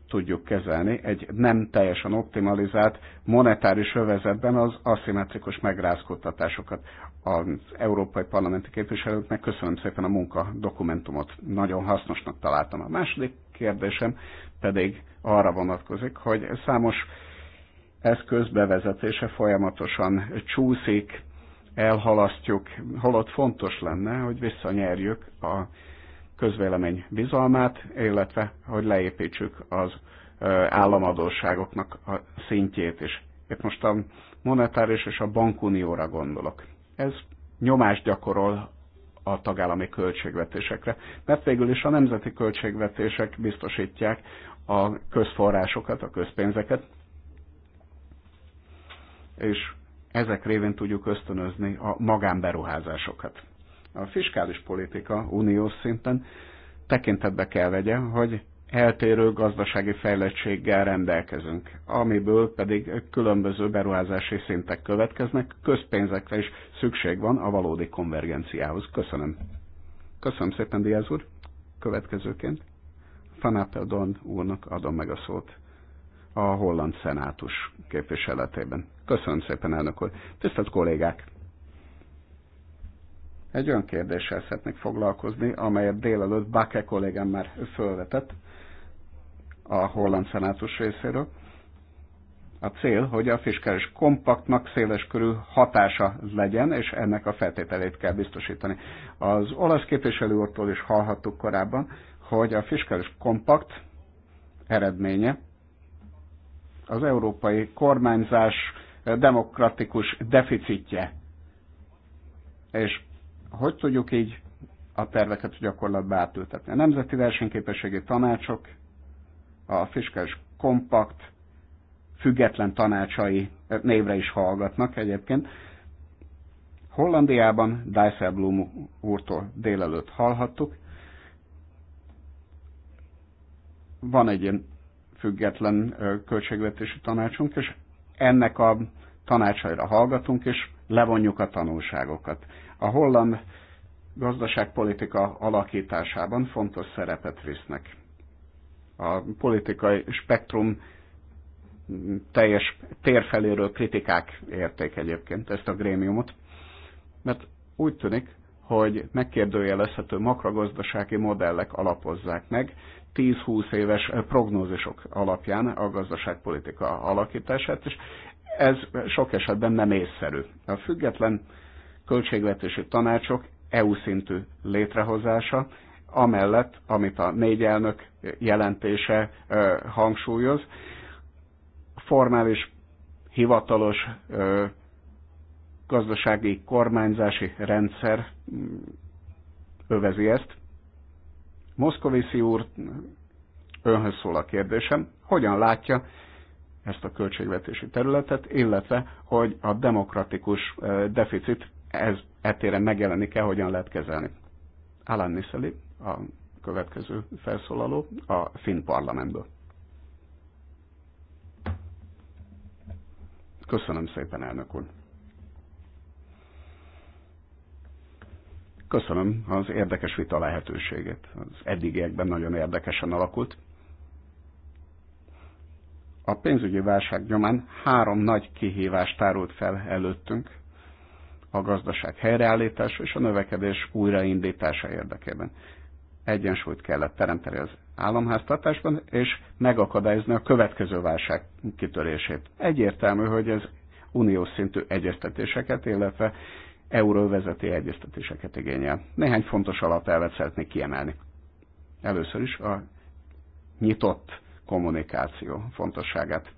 tudjuk kezelni egy nem teljesen optimalizált monetáris övezetben az aszimmetrikus megrázkódtatásokat. Az európai parlamenti képviselőknek köszönöm szépen a munka dokumentumot, nagyon hasznosnak találtam. A második kérdésem pedig arra vonatkozik, hogy számos eszköz bevezetése folyamatosan csúszik, elhalasztjuk, holott fontos lenne, hogy visszanyerjük a közvélemény bizalmát, illetve hogy leépítsük az államadóságoknak a szintjét is. Itt most a monetáris és a bankunióra gondolok. Ez nyomást gyakorol a tagállami költségvetésekre, mert végül is a nemzeti költségvetések biztosítják a közforrásokat, a közpénzeket, és ezek révén tudjuk ösztönözni a magánberuházásokat. A fiskális politika uniós szinten tekintetbe kell vegye, hogy eltérő gazdasági fejlettséggel rendelkezünk, amiből pedig különböző beruházási szintek következnek, közpénzekre is szükség van a valódi konvergenciához. Köszönöm. Köszönöm szépen, Diaz úr. Következőként Fanapel Don úrnak adom meg a szót a holland szenátus képviseletében. Köszönöm szépen, elnök úr. Tisztelt kollégák! Egy olyan kérdéssel szeretnék foglalkozni, amelyet délelőtt Bake kollégám már felvetett a holland szenátus részéről. A cél, hogy a fiskális kompaktnak széles körű hatása legyen, és ennek a feltételét kell biztosítani. Az olasz képviselő úrtól is hallhattuk korábban, hogy a fiskális kompakt eredménye az európai kormányzás demokratikus deficitje. És hogy tudjuk így a terveket gyakorlatba átültetni? A Nemzeti Versenyképességi Tanácsok, a Fiskális Kompakt független tanácsai névre is hallgatnak egyébként. Hollandiában Blum úrtól délelőtt hallhattuk. Van egy ilyen független költségvetési tanácsunk, és ennek a tanácsaira hallgatunk, és levonjuk a tanulságokat. A holland gazdaságpolitika alakításában fontos szerepet visznek. A politikai spektrum teljes térfeléről kritikák érték egyébként ezt a grémiumot, mert úgy tűnik, hogy megkérdőjelezhető makrogazdasági modellek alapozzák meg 10-20 éves prognózisok alapján a gazdaságpolitika alakítását, és ez sok esetben nem észszerű. A független költségvetési tanácsok EU szintű létrehozása, amellett, amit a négy elnök jelentése hangsúlyoz, formális, hivatalos gazdasági kormányzási rendszer övezi ezt, Moszkoviszi úr, önhöz szól a kérdésem, hogyan látja ezt a költségvetési területet, illetve hogy a demokratikus eh, deficit ez etére megjelenik-e, hogyan lehet kezelni. Alan Niszeli, a következő felszólaló a finn parlamentből. Köszönöm szépen, elnök úr. Köszönöm az érdekes vita lehetőséget. Az eddigiekben nagyon érdekesen alakult. A pénzügyi válság nyomán három nagy kihívást tárult fel előttünk a gazdaság helyreállítása és a növekedés újraindítása érdekében. Egyensúlyt kellett teremteni az államháztartásban, és megakadályozni a következő válság kitörését. Egyértelmű, hogy ez uniós szintű egyeztetéseket, illetve euróvezeti egyeztetéseket igényel. Néhány fontos alapelvet szeretnék kiemelni. Először is a nyitott kommunikáció fontosságát.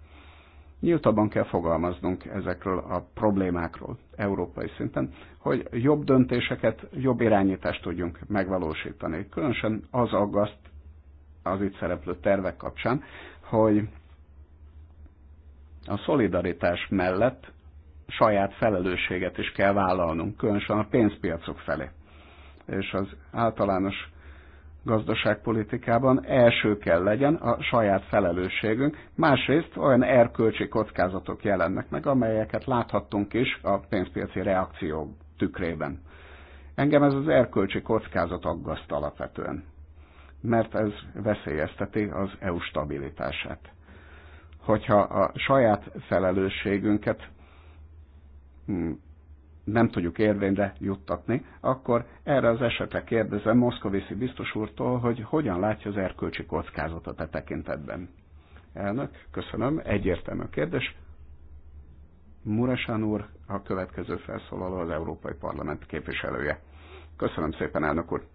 Nyíltabban kell fogalmaznunk ezekről a problémákról európai szinten, hogy jobb döntéseket, jobb irányítást tudjunk megvalósítani. Különösen az aggaszt az itt szereplő tervek kapcsán, hogy a szolidaritás mellett saját felelősséget is kell vállalnunk, különösen a pénzpiacok felé. És az általános gazdaságpolitikában első kell legyen a saját felelősségünk, másrészt olyan erkölcsi kockázatok jelennek meg, amelyeket láthattunk is a pénzpiaci reakció tükrében. Engem ez az erkölcsi kockázat aggaszt alapvetően, mert ez veszélyezteti az EU stabilitását. Hogyha a saját felelősségünket Hmm. nem tudjuk érvényre juttatni, akkor erre az esetre kérdezem Moszkoviszi biztos úrtól, hogy hogyan látja az erkölcsi kockázatot a e tekintetben. Elnök, köszönöm, egyértelmű a kérdés. Muresán úr, a következő felszólaló az Európai Parlament képviselője. Köszönöm szépen, elnök úr.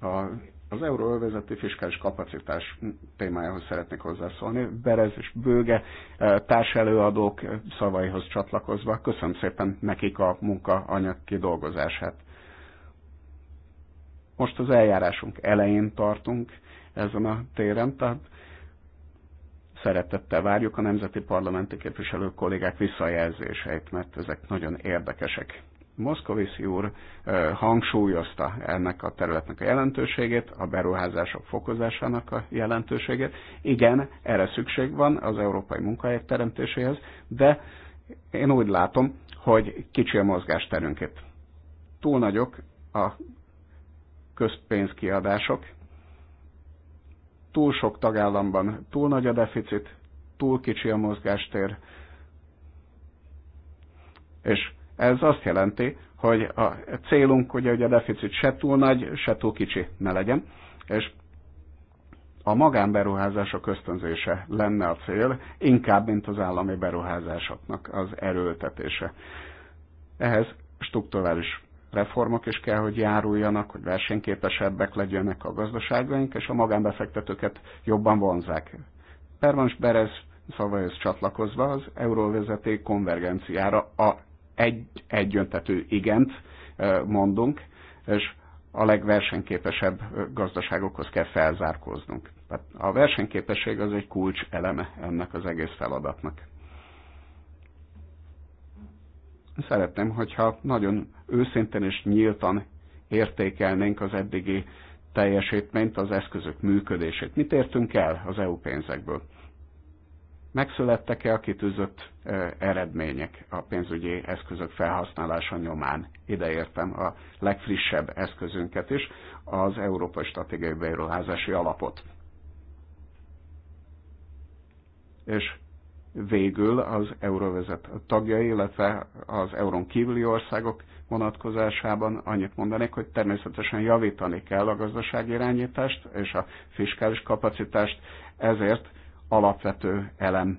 A az euróövezeti fiskális kapacitás témájához szeretnék hozzászólni. Berez és Bőge eh, társelőadók szavaihoz csatlakozva. Köszönöm szépen nekik a munkaanyag kidolgozását. Most az eljárásunk elején tartunk ezen a téren, tehát szeretettel várjuk a nemzeti parlamenti képviselő kollégák visszajelzéseit, mert ezek nagyon érdekesek. Moszkoviszi úr eh, hangsúlyozta ennek a területnek a jelentőségét, a beruházások fokozásának a jelentőségét. Igen, erre szükség van az európai munkahelyek teremtéséhez, de én úgy látom, hogy kicsi a mozgásterünk itt. Túl nagyok a közpénzkiadások, túl sok tagállamban túl nagy a deficit, túl kicsi a mozgástér, és ez azt jelenti, hogy a célunk, ugye, hogy a deficit se túl nagy, se túl kicsi ne legyen, és a magánberuházások ösztönzése lenne a cél, inkább, mint az állami beruházásoknak az erőltetése. Ehhez strukturális reformok is kell, hogy járuljanak, hogy versenyképesebbek legyenek a gazdaságaink, és a magánbefektetőket jobban vonzák. Pervans Berez szavaihoz csatlakozva az euróvezeti konvergenciára a egy, egyöntetű igent mondunk, és a legversenyképesebb gazdaságokhoz kell felzárkóznunk. Tehát a versenyképesség az egy kulcs eleme ennek az egész feladatnak. Szeretném, hogyha nagyon őszintén és nyíltan értékelnénk az eddigi teljesítményt, az eszközök működését. Mit értünk el az EU pénzekből? megszülettek-e a kitűzött eredmények a pénzügyi eszközök felhasználása nyomán. Ideértem a legfrissebb eszközünket is, az Európai Stratégiai Beruházási Alapot. És végül az euróvezet tagjai, illetve az eurón kívüli országok vonatkozásában annyit mondanék, hogy természetesen javítani kell a irányítást és a fiskális kapacitást, ezért alapvető elem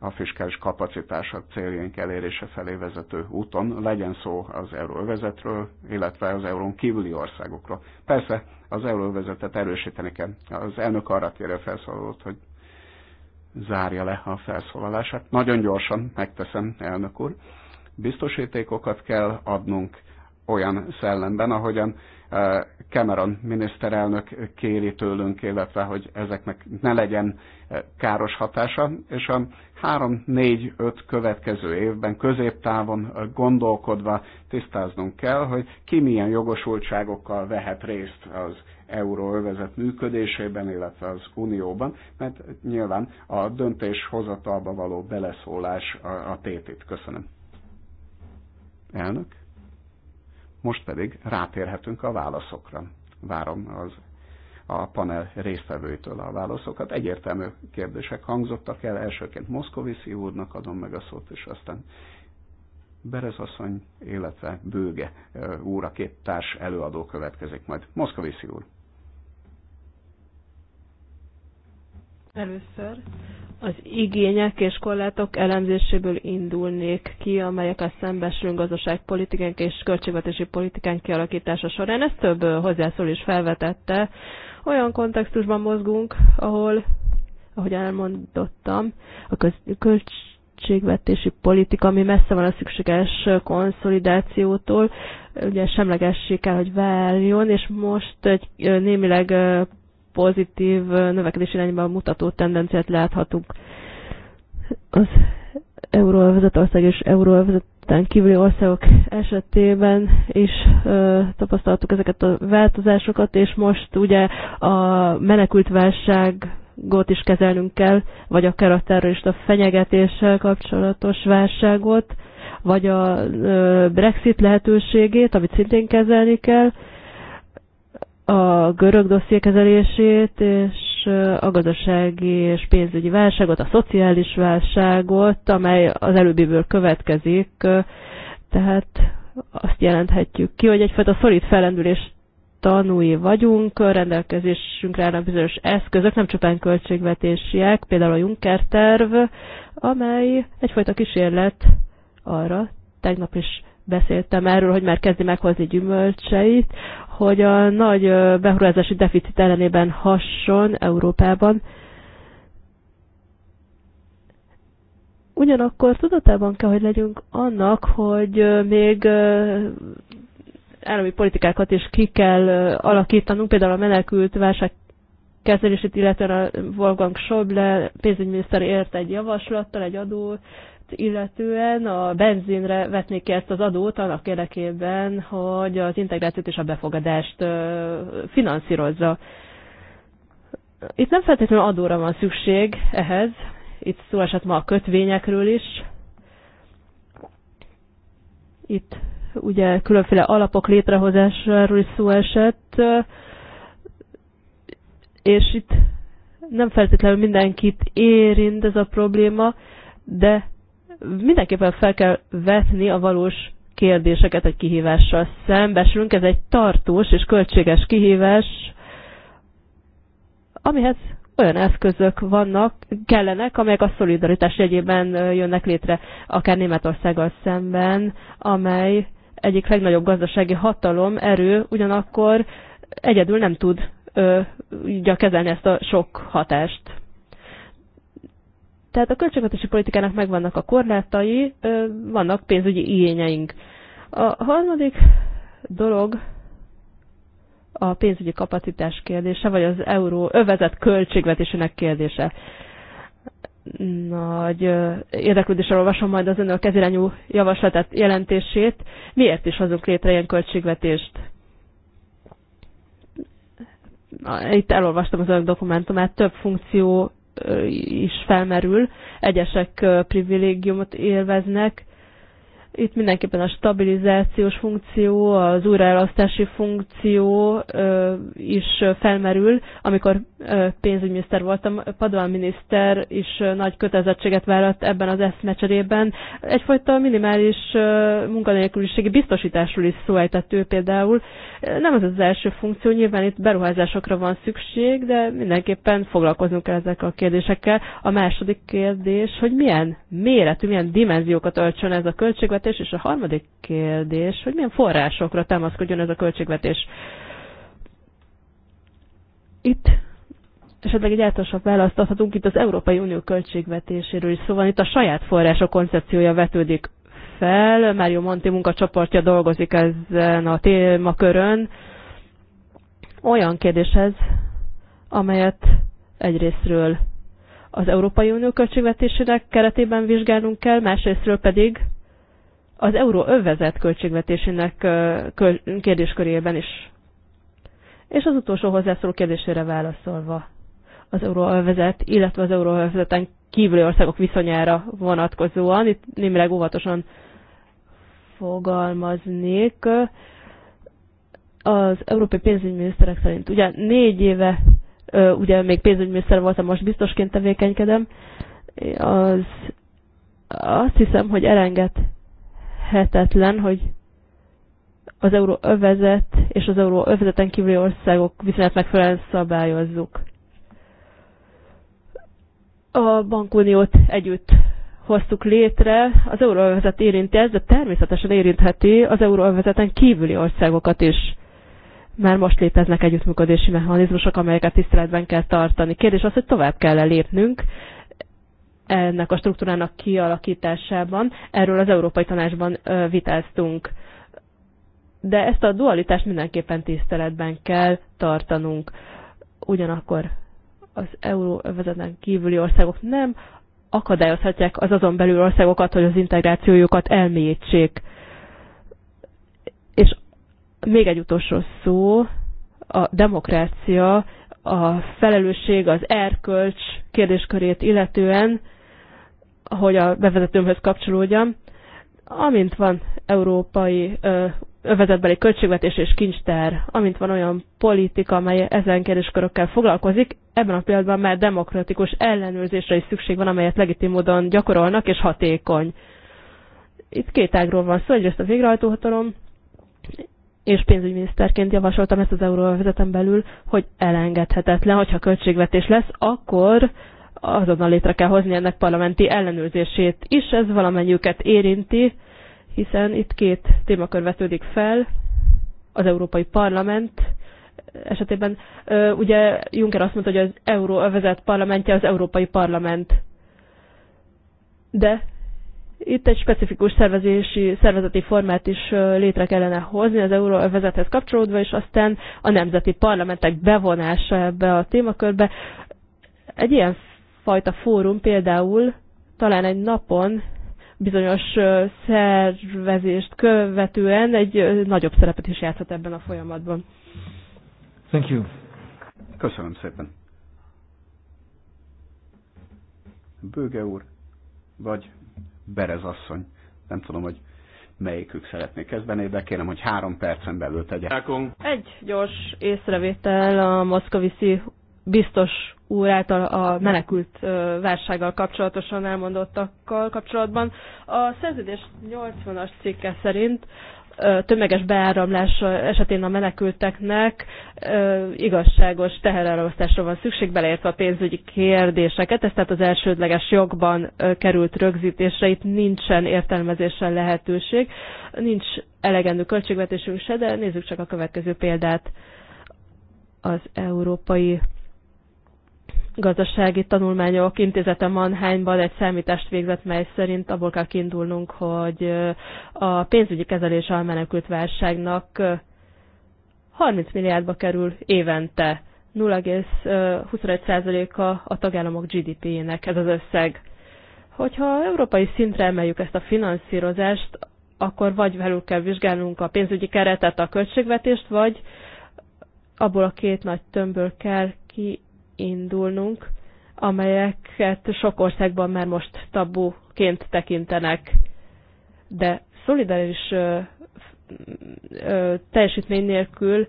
a fiskális kapacitások céljénk elérése felé vezető úton, legyen szó az euróvezetről, illetve az eurón kívüli országokról. Persze az euróvezetet erősíteni kell. Az elnök arra kérő felszólalót, hogy zárja le a felszólalását. Nagyon gyorsan megteszem, elnök úr. Biztosítékokat kell adnunk olyan szellemben, ahogyan Cameron miniszterelnök kéri tőlünk, illetve hogy ezeknek ne legyen e, káros hatása, és a 3-4-5 következő évben középtávon e, gondolkodva tisztáznunk kell, hogy ki milyen jogosultságokkal vehet részt az euróövezet működésében, illetve az unióban, mert nyilván a döntéshozatalba való beleszólás a, a tétét. Köszönöm. Elnök? Most pedig rátérhetünk a válaszokra. Várom az a panel résztvevőitől a válaszokat. Egyértelmű kérdések hangzottak el, elsőként Moszkoviszi úrnak adom meg a szót, és aztán Berezasszony, illetve Bőge úr, a két társ előadó következik majd. Moszkoviszi úr. Először az igények és korlátok elemzéséből indulnék ki, amelyekkel szembesülünk gazdaságpolitikánk és költségvetési politikánk kialakítása során. Ezt több hozzászól is felvetette. Olyan kontextusban mozgunk, ahol, ahogy elmondottam, a köz- költs- költségvetési politika, ami messze van a szükséges konszolidációtól, ugye semlegessé kell, hogy váljon, és most egy némileg pozitív növekedés irányba mutató tendenciát láthatunk. Az euróvezet ország és euróvezeten kívüli országok esetében is ö, tapasztaltuk ezeket a változásokat, és most ugye a válságot is kezelnünk kell, vagy akár a terrorista fenyegetéssel kapcsolatos válságot, vagy a ö, Brexit lehetőségét, amit szintén kezelni kell. Ö, a görög dosszié kezelését, és a gazdasági és pénzügyi válságot, a szociális válságot, amely az előbbiből következik. Tehát azt jelenthetjük ki, hogy egyfajta szorít felendülés tanúi vagyunk, rendelkezésünkre állnak bizonyos eszközök, nem csupán költségvetésiek, például a Juncker terv, amely egyfajta kísérlet arra, tegnap is beszéltem erről, hogy már kezdi meghozni gyümölcseit, hogy a nagy beruházási deficit ellenében hasson Európában. Ugyanakkor tudatában kell, hogy legyünk annak, hogy még állami politikákat is ki kell alakítanunk, például a menekült válság kezelését, illetve a Wolfgang Schäuble pénzügyminiszter ért egy javaslattal, egy adó illetően a benzinre vetnék ki ezt az adót annak érdekében, hogy az integrációt és a befogadást finanszírozza. Itt nem feltétlenül adóra van szükség ehhez, itt szó esett ma a kötvényekről is. Itt ugye különféle alapok létrehozásáról is szó esett, és itt nem feltétlenül mindenkit érint ez a probléma, de mindenképpen fel kell vetni a valós kérdéseket egy kihívással szembesülünk. Ez egy tartós és költséges kihívás, amihez olyan eszközök vannak, kellenek, amelyek a szolidaritás jegyében jönnek létre, akár Németországgal szemben, amely egyik legnagyobb gazdasági hatalom, erő, ugyanakkor egyedül nem tud ö, ugye, kezelni ezt a sok hatást. Tehát a költségvetési politikának megvannak a korlátai, vannak pénzügyi igényeink. A harmadik dolog a pénzügyi kapacitás kérdése, vagy az euró övezet költségvetésének kérdése. Nagy érdeklődéssel olvasom majd az önök kezirányú javaslatát, jelentését. Miért is hozunk létre ilyen költségvetést? Itt elolvastam az önök dokumentumát, több funkció is felmerül. Egyesek privilégiumot élveznek, itt mindenképpen a stabilizációs funkció, az újraelasztási funkció ö, is felmerül. Amikor ö, pénzügyminiszter voltam, Padoan miniszter is ö, nagy kötelezettséget vállalt ebben az eszmecserében. Egyfajta minimális ö, munkanélküliségi biztosításról is szó ejtett ő például. Nem az az első funkció, nyilván itt beruházásokra van szükség, de mindenképpen foglalkoznunk kell ezekkel a kérdésekkel. A második kérdés, hogy milyen méretű, milyen dimenziókat öltsön ez a költség költségvetés, és a harmadik kérdés, hogy milyen forrásokra támaszkodjon ez a költségvetés. Itt esetleg egy általánosabb választ adhatunk, itt az Európai Unió költségvetéséről is, szóval itt a saját források koncepciója vetődik fel. Mário Monti munkacsoportja dolgozik ezen a témakörön. Olyan kérdéshez, amelyet egyrésztről az Európai Unió költségvetésének keretében vizsgálnunk kell, másrésztről pedig az euró övezet költségvetésének kérdéskörében is. És az utolsó hozzászóló kérdésére válaszolva az euróövezet, illetve az euróövezeten kívüli országok viszonyára vonatkozóan. Itt némileg óvatosan fogalmaznék. Az európai pénzügyminiszterek szerint, ugye négy éve, ugye még pénzügyminiszter voltam, most biztosként tevékenykedem, az azt hiszem, hogy elengedhetetlen elképzelhetetlen, hogy az euróövezet és az euróövezeten kívüli országok viszonyát megfelelően szabályozzuk. A bankuniót együtt hoztuk létre, az euróövezet érinti ez, de természetesen érintheti az euróövezeten kívüli országokat is. Már most léteznek együttműködési mechanizmusok, amelyeket tiszteletben kell tartani. Kérdés az, hogy tovább kell lépnünk, ennek a struktúrának kialakításában. Erről az Európai Tanácsban vitáztunk. De ezt a dualitást mindenképpen tiszteletben kell tartanunk. Ugyanakkor az euróvezeten kívüli országok nem akadályozhatják az azon belül országokat, hogy az integrációjukat elmélyítsék. És még egy utolsó szó, a demokrácia, a felelősség, az erkölcs kérdéskörét illetően hogy a bevezetőmhöz kapcsolódjam. Amint van európai övezetbeli költségvetés és kincster, amint van olyan politika, amely ezen kérdéskörökkel foglalkozik, ebben a pillanatban már demokratikus ellenőrzésre is szükség van, amelyet legitim módon gyakorolnak és hatékony. Itt két ágról van szó, egyrészt a végrehajtóhatalom, és pénzügyminiszterként javasoltam ezt az euróvezeten belül, hogy elengedhetetlen, hogyha költségvetés lesz, akkor azonnal létre kell hozni ennek parlamenti ellenőrzését is. Ez valamennyiüket érinti, hiszen itt két témakör vetődik fel. Az Európai Parlament esetében ugye Juncker azt mondta, hogy az euróövezet parlamentje az Európai Parlament. De itt egy specifikus szervezési, szervezeti formát is létre kellene hozni az euróvezethez kapcsolódva, és aztán a nemzeti parlamentek bevonása ebbe a témakörbe. Egy ilyen fajta fórum például talán egy napon bizonyos szervezést követően egy nagyobb szerepet is játszhat ebben a folyamatban. Thank you. Köszönöm szépen. Bőge úr, vagy Berez asszony. Nem tudom, hogy melyikük szeretné kezdeni, de kérem, hogy három percen belül tegye. Egy gyors észrevétel a moszkoviszi biztos úr által a menekült válsággal kapcsolatosan elmondottakkal kapcsolatban. A szerződés 80-as cikke szerint tömeges beáramlás esetén a menekülteknek igazságos teherelosztásra van szükség, beleértve a pénzügyi kérdéseket. Ez tehát az elsődleges jogban került rögzítésre. Itt nincsen értelmezéssel lehetőség. Nincs elegendő költségvetésünk se, de nézzük csak a következő példát. Az európai gazdasági tanulmányok intézete Mannheimban egy számítást végzett, mely szerint abból kell kiindulnunk, hogy a pénzügyi kezelés a menekült válságnak 30 milliárdba kerül évente. 0,21%-a a tagállamok GDP-jének ez az összeg. Hogyha európai szintre emeljük ezt a finanszírozást, akkor vagy velük kell vizsgálnunk a pénzügyi keretet, a költségvetést, vagy abból a két nagy tömbből kell ki indulnunk, amelyeket sok országban már most tabuként tekintenek. De szolidaris ö, ö, teljesítmény nélkül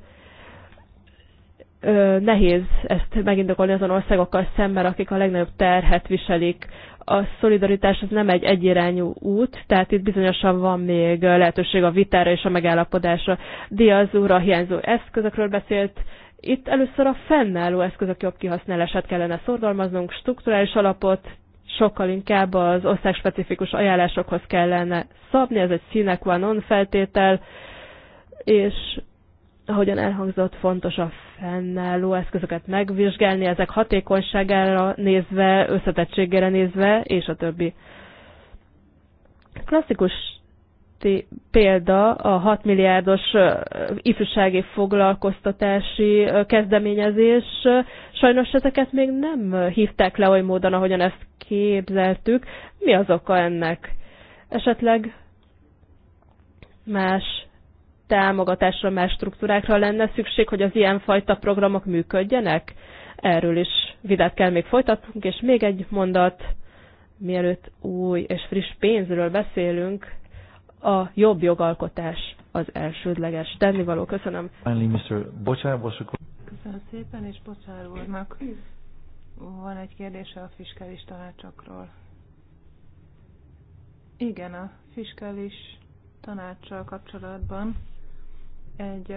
ö, nehéz ezt megindokolni azon országokkal szemben, akik a legnagyobb terhet viselik. A szolidaritás az nem egy egyirányú út, tehát itt bizonyosan van még lehetőség a vitára és a megállapodásra. Diaz úr a hiányzó eszközökről beszélt, itt először a fennálló eszközök jobb kihasználását kellene szorgalmaznunk, strukturális alapot sokkal inkább az országspecifikus ajánlásokhoz kellene szabni, ez egy színek van on feltétel, és ahogyan elhangzott, fontos a fennálló eszközöket megvizsgálni, ezek hatékonyságára nézve, összetettségére nézve, és a többi. Klasszikus példa a 6 milliárdos ifjúsági foglalkoztatási kezdeményezés. Sajnos ezeket még nem hívták le oly módon, ahogyan ezt képzeltük. Mi az oka ennek? Esetleg más támogatásra, más struktúrákra lenne szükség, hogy az ilyenfajta programok működjenek? Erről is vidát kell még folytatnunk, és még egy mondat, mielőtt új és friss pénzről beszélünk, a jobb jogalkotás az elsődleges tennivaló. Köszönöm. Finally, Mr. Köszönöm szépen, és Bocsár úrnak van egy kérdése a fiskális tanácsokról. Igen, a fiskális tanácssal kapcsolatban egy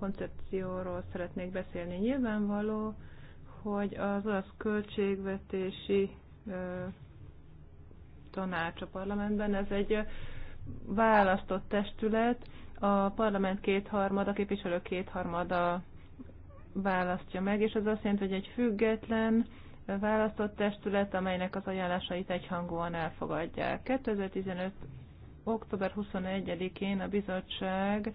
koncepcióról szeretnék beszélni. Nyilvánvaló, hogy az az költségvetési tanács a parlamentben. Ez egy választott testület, a parlament kétharmada, a képviselő kétharmada választja meg, és ez azt jelenti, hogy egy független, választott testület, amelynek az ajánlásait egyhangúan elfogadják. 2015. október 21-én a bizottság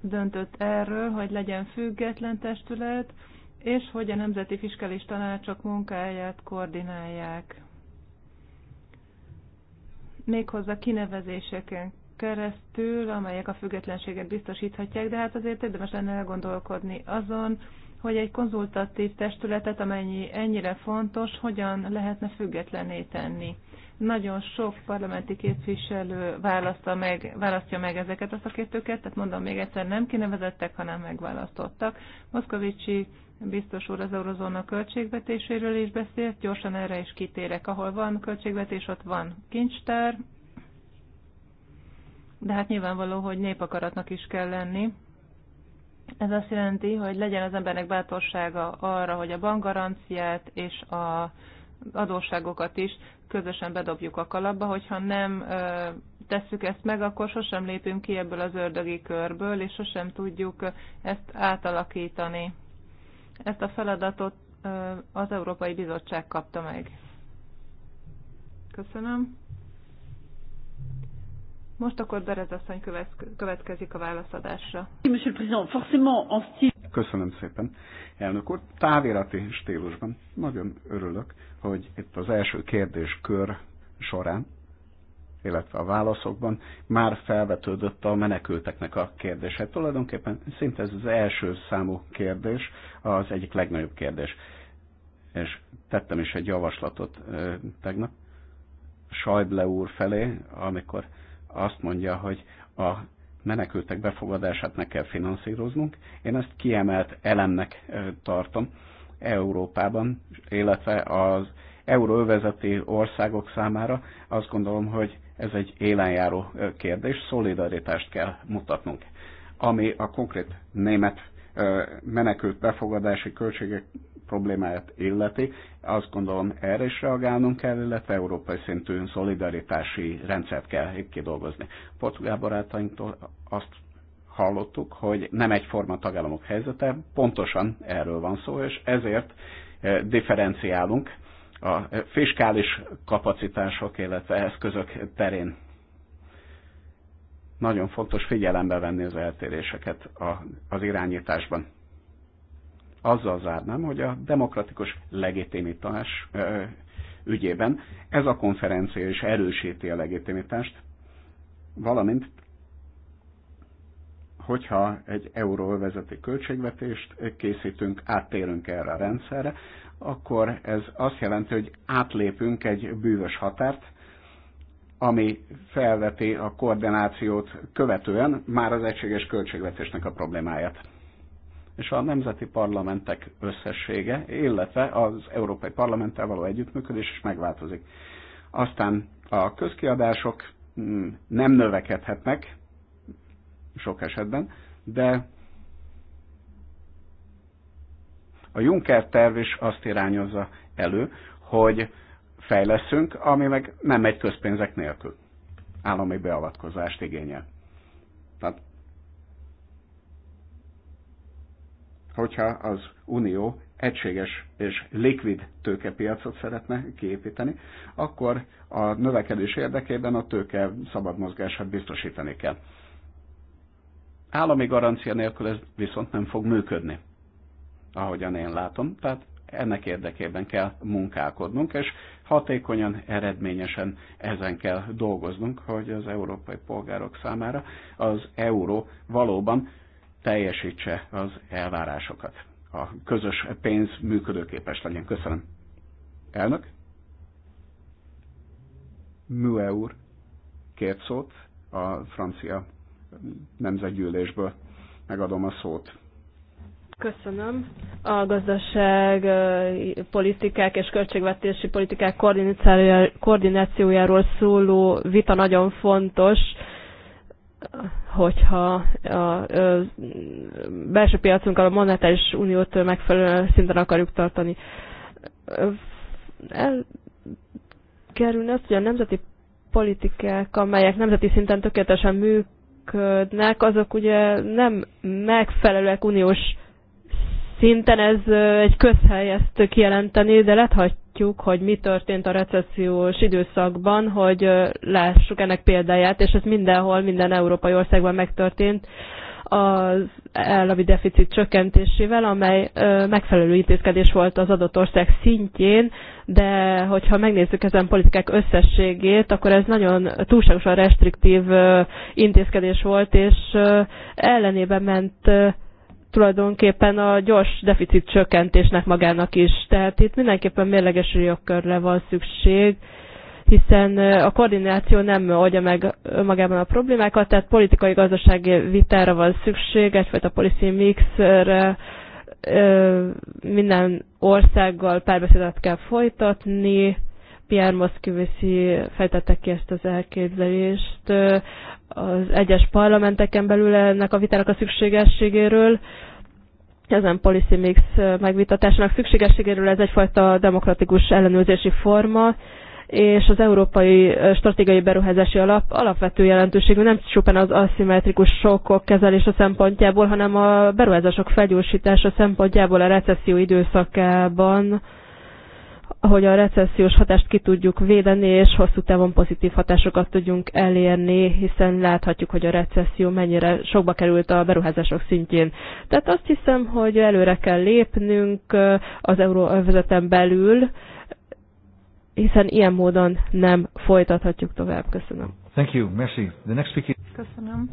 döntött erről, hogy legyen független testület, és hogy a nemzeti fiskális tanácsok munkáját koordinálják. Méghozzá kinevezéseken keresztül, amelyek a függetlenséget biztosíthatják, de hát azért érdemes lenne elgondolkodni azon, hogy egy konzultatív testületet, amennyi ennyire fontos, hogyan lehetne függetlené tenni. Nagyon sok parlamenti képviselő választja meg, választja meg ezeket a szakértőket, tehát mondom még egyszer, nem kinevezettek, hanem megválasztottak. Moszkovicsi biztos úr az eurozóna költségvetéséről is beszélt, gyorsan erre is kitérek. Ahol van költségvetés, ott van kincstár, de hát nyilvánvaló, hogy népakaratnak is kell lenni. Ez azt jelenti, hogy legyen az embernek bátorsága arra, hogy a bankgaranciát és a adósságokat is közösen bedobjuk a kalapba, hogyha nem ö, tesszük ezt meg, akkor sosem lépünk ki ebből az ördögi körből, és sosem tudjuk ezt átalakítani. Ezt a feladatot az Európai Bizottság kapta meg. Köszönöm. Most akkor Berez asszony következik a válaszadásra. Köszönöm szépen, elnök úr. Távirati stílusban nagyon örülök, hogy itt az első kérdéskör során illetve a válaszokban már felvetődött a menekülteknek a kérdése. Hát tulajdonképpen szinte ez az első számú kérdés, az egyik legnagyobb kérdés. És tettem is egy javaslatot tegnap Sajble úr felé, amikor azt mondja, hogy a menekültek befogadását meg kell finanszíroznunk. Én ezt kiemelt elemnek tartom Európában, illetve az euróövezeti országok számára. Azt gondolom, hogy ez egy élenjáró kérdés, szolidaritást kell mutatnunk. Ami a konkrét német menekült befogadási költségek problémáját illeti, azt gondolom erre is reagálnunk kell, illetve európai szintű szolidaritási rendszert kell itt kidolgozni. Portugál barátainktól azt hallottuk, hogy nem egyforma tagállamok helyzete, pontosan erről van szó, és ezért differenciálunk a fiskális kapacitások, illetve eszközök terén nagyon fontos figyelembe venni az eltéréseket az irányításban. Azzal zárnám, hogy a demokratikus legitimitás ügyében ez a konferencia is erősíti a legitimitást, valamint hogyha egy euróvezeti költségvetést készítünk, áttérünk erre a rendszerre, akkor ez azt jelenti, hogy átlépünk egy bűvös határt, ami felveti a koordinációt követően már az egységes költségvetésnek a problémáját. És a nemzeti parlamentek összessége, illetve az Európai Parlamenttel való együttműködés is megváltozik. Aztán a közkiadások mm, nem növekedhetnek sok esetben, de A Juncker terv is azt irányozza elő, hogy fejleszünk, ami meg nem megy közpénzek nélkül. Állami beavatkozást igényel. Tehát, hogyha az Unió egységes és likvid tőkepiacot szeretne kiépíteni, akkor a növekedés érdekében a tőke szabad mozgását biztosítani kell. Állami garancia nélkül ez viszont nem fog működni ahogyan én látom. Tehát ennek érdekében kell munkálkodnunk, és hatékonyan, eredményesen ezen kell dolgoznunk, hogy az európai polgárok számára az euró valóban teljesítse az elvárásokat. A közös pénz működőképes legyen. Köszönöm. Elnök? Műe úr két szót a francia nemzetgyűlésből. Megadom a szót. Köszönöm. A gazdaság politikák és költségvetési politikák koordinációjáról szóló vita nagyon fontos, hogyha a belső piacunkkal a monetáris uniót megfelelő szinten akarjuk tartani. Elkerülni azt, hogy a nemzeti politikák, amelyek nemzeti szinten tökéletesen működnek, azok ugye nem megfelelőek uniós szinten ez egy közhely ezt kijelenteni, de lethatjuk, hogy mi történt a recessziós időszakban, hogy lássuk ennek példáját, és ez mindenhol, minden európai országban megtörtént az állami deficit csökkentésével, amely megfelelő intézkedés volt az adott ország szintjén, de hogyha megnézzük ezen politikák összességét, akkor ez nagyon túlságosan restriktív intézkedés volt, és ellenében ment tulajdonképpen a gyors deficit csökkentésnek magának is. Tehát itt mindenképpen mérleges jogkörre van szükség, hiszen a koordináció nem oldja meg magában a problémákat, tehát politikai-gazdasági vitára van szükség, egyfajta policy mixre, minden országgal párbeszédet kell folytatni, Pierre Moszkiviszi fejtette ki ezt az elképzelést az egyes parlamenteken belül ennek a vitának a szükségességéről, ezen policy mix megvitatásának szükségességéről ez egyfajta demokratikus ellenőrzési forma, és az Európai Stratégiai Beruházási Alap alapvető jelentőségű nem csupán az aszimmetrikus sokkok kezelése szempontjából, hanem a beruházások felgyorsítása szempontjából a recesszió időszakában, hogy a recessziós hatást ki tudjuk védeni, és hosszú távon pozitív hatásokat tudjunk elérni, hiszen láthatjuk, hogy a recesszió mennyire sokba került a beruházások szintjén. Tehát azt hiszem, hogy előre kell lépnünk az euróövezeten belül, hiszen ilyen módon nem folytathatjuk tovább. Köszönöm. Thank you. Merci. The next speaker... Köszönöm.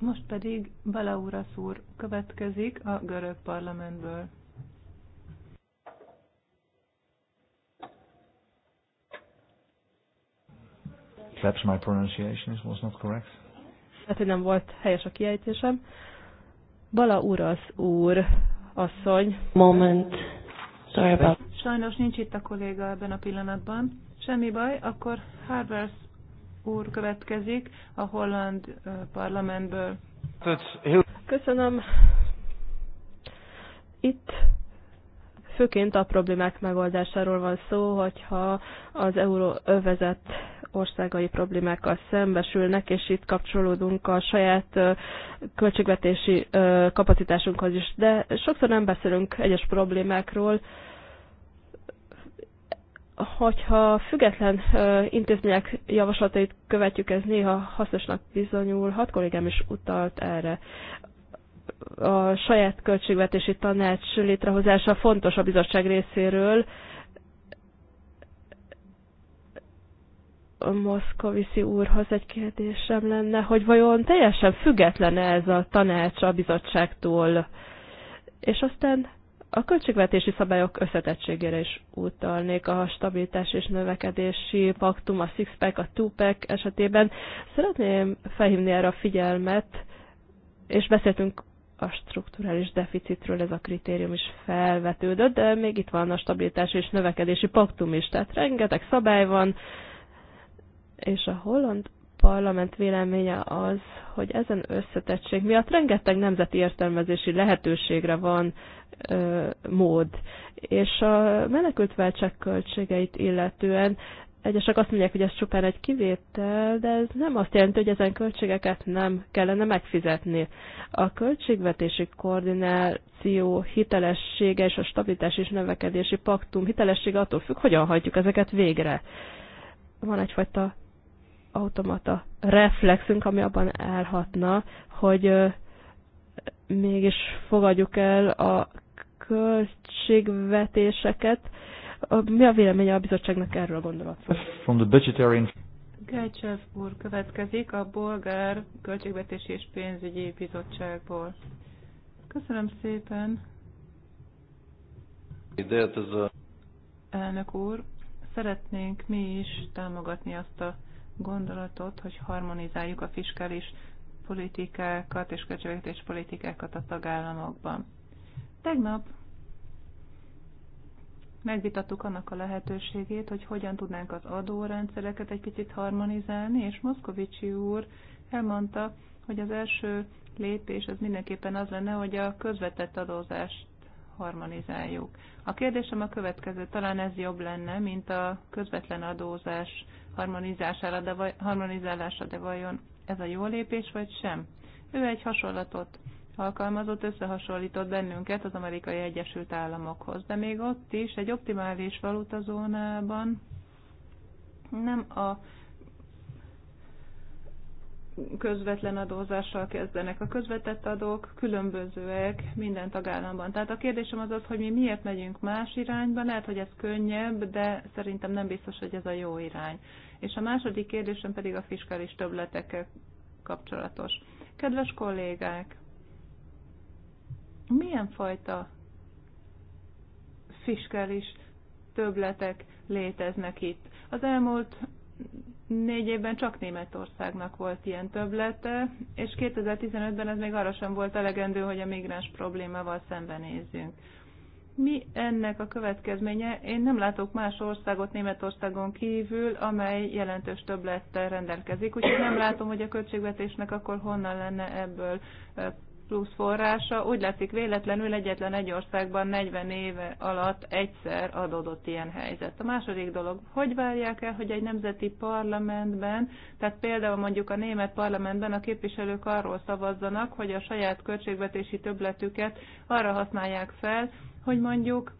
Most pedig Balaura úr következik a görög parlamentből. Perhaps my pronunciation was not correct. Hát, hogy nem volt helyes a kiejtésem. Bala Urasz úr, asszony. Moment. Sorry about... Sajnos nincs itt a kolléga ebben a pillanatban. Semmi baj, akkor Harvers úr következik a holland parlamentből. Köszönöm. Itt főként a problémák megoldásáról van szó, hogyha az euróövezet országai problémákkal szembesülnek, és itt kapcsolódunk a saját költségvetési kapacitásunkhoz is. De sokszor nem beszélünk egyes problémákról, hogyha független intézmények javaslatait követjük, ez néha hasznosnak bizonyulhat, kollégám is utalt erre a saját költségvetési tanács létrehozása fontos a bizottság részéről. A Moszkoviszi úrhoz egy kérdésem lenne, hogy vajon teljesen független -e ez a tanács a bizottságtól, és aztán a költségvetési szabályok összetettségére is utalnék a stabilitás és növekedési paktum, a six-pack, a two-pack esetében. Szeretném felhívni erre a figyelmet, és beszéltünk a strukturális deficitről ez a kritérium is felvetődött, de még itt van a stabilitási és növekedési paktum is, tehát rengeteg szabály van, és a holland parlament véleménye az, hogy ezen összetettség miatt rengeteg nemzeti értelmezési lehetőségre van ö, mód. És a menekültváltság költségeit illetően Egyesek azt mondják, hogy ez csupán egy kivétel, de ez nem azt jelenti, hogy ezen költségeket nem kellene megfizetni. A költségvetési koordináció hitelessége és a stabilitás és növekedési paktum hitelessége attól függ, hogyan hagyjuk ezeket végre. Van egyfajta automata reflexünk, ami abban állhatna, hogy mégis fogadjuk el a költségvetéseket, mi a véleménye a bizottságnak erről a gondolatról? From the budgetary Gajcsev úr következik a Bolgár Költségvetési és Pénzügyi Bizottságból. Köszönöm szépen. a... Elnök úr, szeretnénk mi is támogatni azt a gondolatot, hogy harmonizáljuk a fiskális politikákat és költségvetési politikákat a tagállamokban. Tegnap megvitattuk annak a lehetőségét, hogy hogyan tudnánk az adórendszereket egy picit harmonizálni, és Moszkovicsi úr elmondta, hogy az első lépés az mindenképpen az lenne, hogy a közvetett adózást harmonizáljuk. A kérdésem a következő, talán ez jobb lenne, mint a közvetlen adózás harmonizálása, de, vaj, harmonizálása, de vajon ez a jó lépés, vagy sem? Ő egy hasonlatot alkalmazott, összehasonlított bennünket az amerikai Egyesült Államokhoz. De még ott is egy optimális valutazónában nem a közvetlen adózással kezdenek. A közvetett adók különbözőek minden tagállamban. Tehát a kérdésem az az, hogy mi miért megyünk más irányba. Lehet, hogy ez könnyebb, de szerintem nem biztos, hogy ez a jó irány. És a második kérdésem pedig a fiskális töbletekkel kapcsolatos. Kedves kollégák, milyen fajta fiskális töbletek léteznek itt. Az elmúlt négy évben csak Németországnak volt ilyen töblete, és 2015-ben ez még arra sem volt elegendő, hogy a migráns problémával szembenézzünk. Mi ennek a következménye? Én nem látok más országot Németországon kívül, amely jelentős többlettel rendelkezik, úgyhogy nem látom, hogy a költségvetésnek akkor honnan lenne ebből plusz forrása. Úgy látszik véletlenül egyetlen egy országban 40 éve alatt egyszer adódott ilyen helyzet. A második dolog, hogy várják el, hogy egy nemzeti parlamentben, tehát például mondjuk a német parlamentben a képviselők arról szavazzanak, hogy a saját költségvetési töbletüket arra használják fel, hogy mondjuk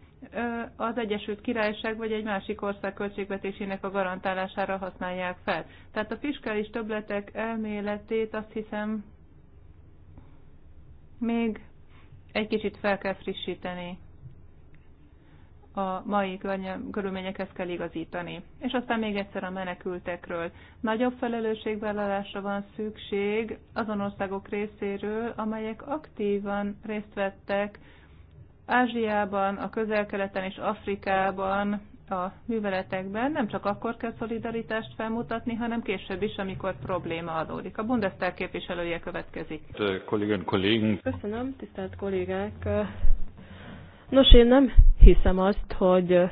az Egyesült Királyság vagy egy másik ország költségvetésének a garantálására használják fel. Tehát a fiskális töbletek elméletét azt hiszem még egy kicsit fel kell frissíteni a mai körülményekhez kell igazítani. És aztán még egyszer a menekültekről. Nagyobb felelősségvállalásra van szükség azon országok részéről, amelyek aktívan részt vettek Ázsiában, a közel-keleten és Afrikában a műveletekben nem csak akkor kell szolidaritást felmutatni, hanem később is, amikor probléma adódik. A Bundestag képviselője következik. Köszönöm, tisztelt kollégák. Nos, én nem hiszem azt, hogy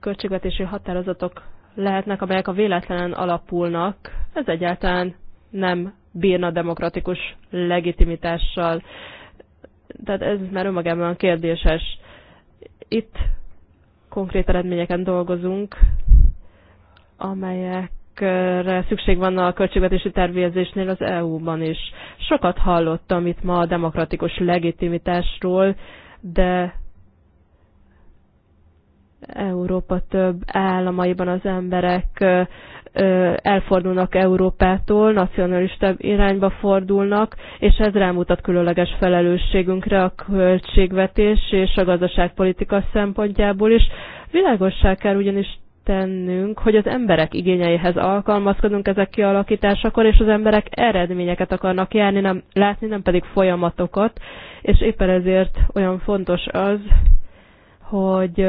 költségvetési határozatok lehetnek, amelyek a véletlenen alapulnak. Ez egyáltalán nem bírna demokratikus legitimitással. Tehát ez már önmagában kérdéses. Itt konkrét eredményeken dolgozunk, amelyekre szükség van a költségvetési tervezésnél az EU-ban is. Sokat hallottam itt ma a demokratikus legitimitásról, de Európa több államaiban az emberek elfordulnak Európától, nacionalistább irányba fordulnak, és ez rámutat különleges felelősségünkre a költségvetés és a gazdaságpolitika szempontjából is. Világossá kell ugyanis tennünk, hogy az emberek igényeihez alkalmazkodunk ezek kialakításakor, és az emberek eredményeket akarnak járni, nem, látni, nem pedig folyamatokat, és éppen ezért olyan fontos az, hogy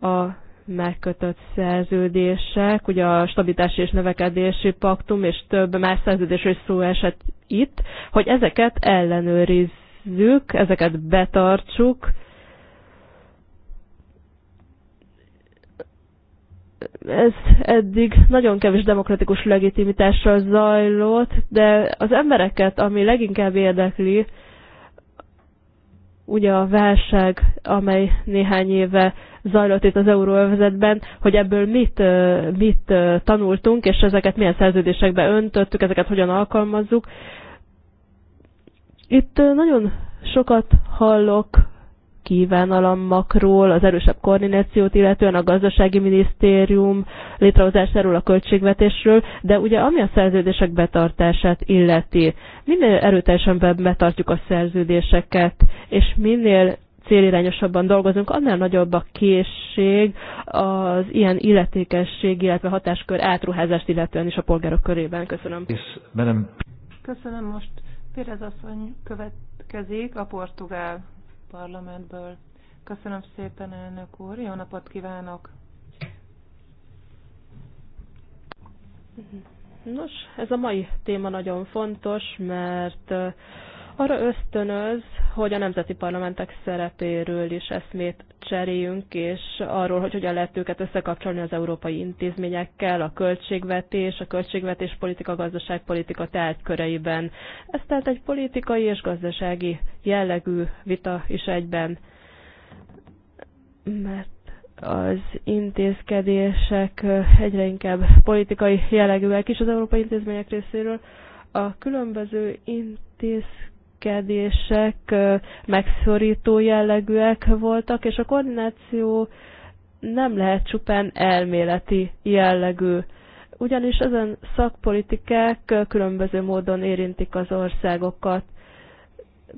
a megkötött szerződések, ugye a stabilitási és növekedési paktum és több más is szó esett itt, hogy ezeket ellenőrizzük, ezeket betartsuk, ez eddig nagyon kevés demokratikus legitimitással zajlott, de az embereket, ami leginkább érdekli, ugye a válság, amely néhány éve zajlott itt az euróövezetben, hogy ebből mit, mit tanultunk, és ezeket milyen szerződésekbe öntöttük, ezeket hogyan alkalmazzuk. Itt nagyon sokat hallok kívánalmakról, az erősebb koordinációt, illetően a gazdasági minisztérium létrehozásáról, a költségvetésről, de ugye ami a szerződések betartását illeti, minél erőteljesen betartjuk a szerződéseket, és minél célirányosabban dolgozunk, annál nagyobb a készség az ilyen illetékesség, illetve hatáskör átruházást illetően is a polgárok körében. Köszönöm. Köszönöm most. Pérez asszony következik a portugál Parlamentből. Köszönöm szépen, elnök úr, jó napot kívánok! Nos, ez a mai téma nagyon fontos, mert arra ösztönöz, hogy a nemzeti parlamentek szerepéről is eszmét cseréljünk, és arról, hogy hogyan lehet őket összekapcsolni az európai intézményekkel, a költségvetés, a költségvetés politika, gazdaságpolitika köreiben. Ez tehát egy politikai és gazdasági jellegű vita is egyben, mert az intézkedések egyre inkább politikai jellegűek is az európai intézmények részéről. A különböző intézkedések intézkedések megszorító jellegűek voltak, és a koordináció nem lehet csupán elméleti jellegű ugyanis ezen szakpolitikák különböző módon érintik az országokat.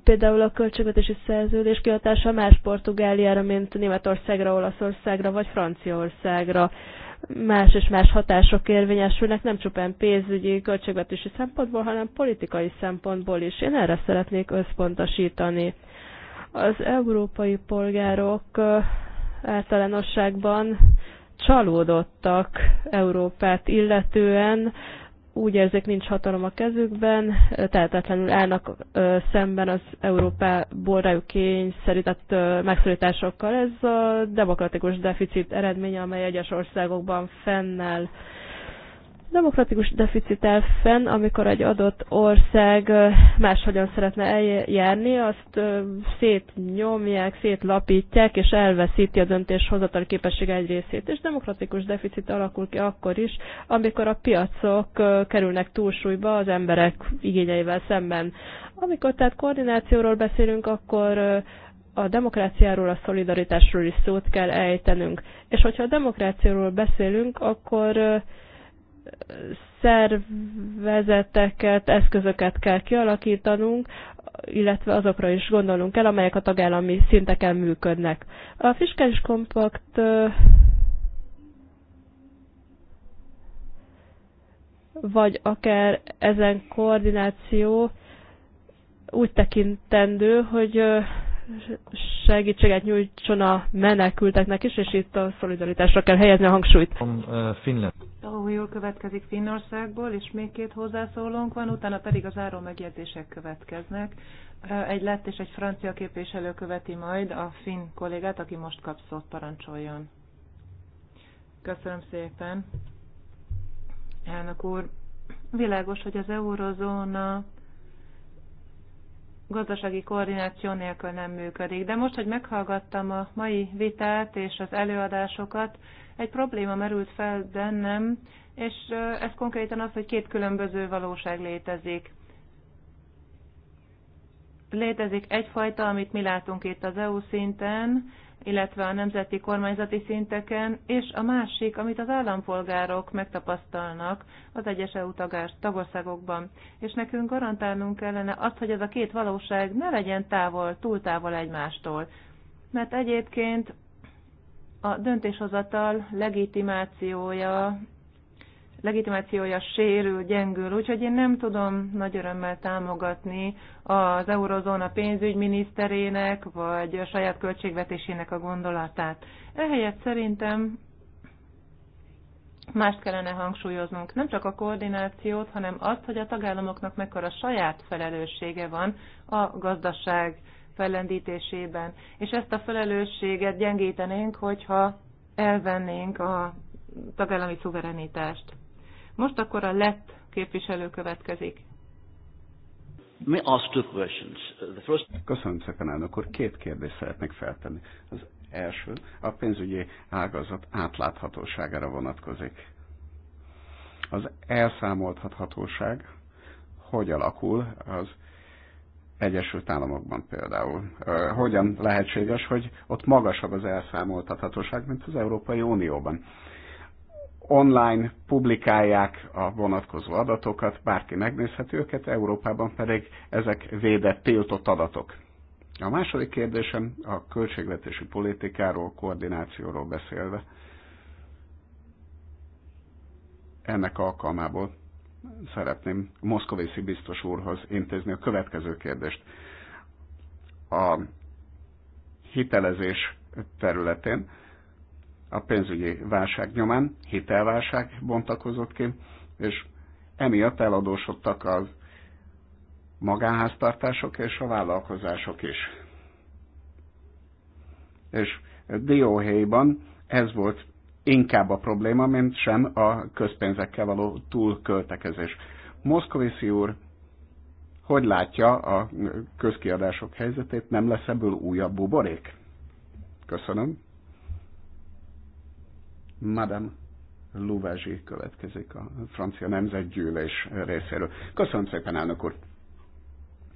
Például a költségvetési szerződés kihatása más Portugáliára, mint Németországra, Olaszországra vagy Franciaországra más és más hatások érvényesülnek, nem csupán pénzügyi, költségvetési szempontból, hanem politikai szempontból is. Én erre szeretnék összpontosítani. Az európai polgárok általánosságban csalódottak Európát illetően, úgy érzik, nincs hatalom a kezükben, tehetetlenül állnak szemben az Európából rájuk kényszerített megszorításokkal. Ez a demokratikus deficit eredménye, amely egyes országokban fennáll demokratikus deficit el fenn, amikor egy adott ország máshogyan szeretne eljárni, azt szétnyomják, szétlapítják, és elveszíti a döntéshozatal képessége egy részét. És demokratikus deficit alakul ki akkor is, amikor a piacok kerülnek túlsúlyba az emberek igényeivel szemben. Amikor tehát koordinációról beszélünk, akkor a demokráciáról, a szolidaritásról is szót kell ejtenünk. És hogyha a demokráciáról beszélünk, akkor szervezeteket, eszközöket kell kialakítanunk, illetve azokra is gondolunk, kell, amelyek a tagállami szinteken működnek. A fiskális kompakt vagy akár ezen koordináció úgy tekintendő, hogy segítséget nyújtson a menekülteknek is, és itt a szolidaritásra kell helyezni a hangsúlyt. Uh, Finland. Ahol következik Finnországból, és még két hozzászólónk van, utána pedig az áró megjegyzések következnek. Uh, egy lett és egy francia képviselő követi majd a finn kollégát, aki most kap szót, parancsoljon. Köszönöm szépen. Elnök úr, világos, hogy az eurozóna gazdasági koordináció nélkül nem működik. De most, hogy meghallgattam a mai vitát és az előadásokat, egy probléma merült fel bennem, és ez konkrétan az, hogy két különböző valóság létezik. Létezik egyfajta, amit mi látunk itt az EU szinten, illetve a nemzeti kormányzati szinteken, és a másik, amit az állampolgárok megtapasztalnak az egyes EU tagországokban. És nekünk garantálnunk kellene azt, hogy ez a két valóság ne legyen távol, túl távol egymástól. Mert egyébként a döntéshozatal legitimációja legitimációja sérül, gyengül, úgyhogy én nem tudom nagy örömmel támogatni az eurozóna pénzügyminiszterének, vagy a saját költségvetésének a gondolatát. Ehelyett szerintem mást kellene hangsúlyoznunk, nem csak a koordinációt, hanem azt, hogy a tagállamoknak mekkora saját felelőssége van a gazdaság fellendítésében. És ezt a felelősséget gyengítenénk, hogyha elvennénk a tagállami szuverenitást. Most akkor a lett képviselő következik. Uh, Köszönöm szépen, elnök úr. Két kérdést szeretnék feltenni. Az első a pénzügyi ágazat átláthatóságára vonatkozik. Az elszámolthatóság hogy alakul az Egyesült Államokban például. Uh, hogyan lehetséges, hogy ott magasabb az elszámoltathatóság, mint az Európai Unióban? online publikálják a vonatkozó adatokat, bárki megnézheti őket, Európában pedig ezek védett, tiltott adatok. A második kérdésem a költségvetési politikáról, koordinációról beszélve. Ennek alkalmából szeretném Moszkovészi biztos úrhoz intézni a következő kérdést. A hitelezés területén a pénzügyi válság nyomán, hitelválság bontakozott ki, és emiatt eladósodtak az magánháztartások és a vállalkozások is. És Dióhéjban ez volt inkább a probléma, mint sem a közpénzekkel való túlköltekezés. Moszkovici úr hogy látja a közkiadások helyzetét, nem lesz ebből újabb buborék? Köszönöm. Madame Louvagy következik a francia nemzetgyűlés részéről. Köszönöm szépen, elnök úr!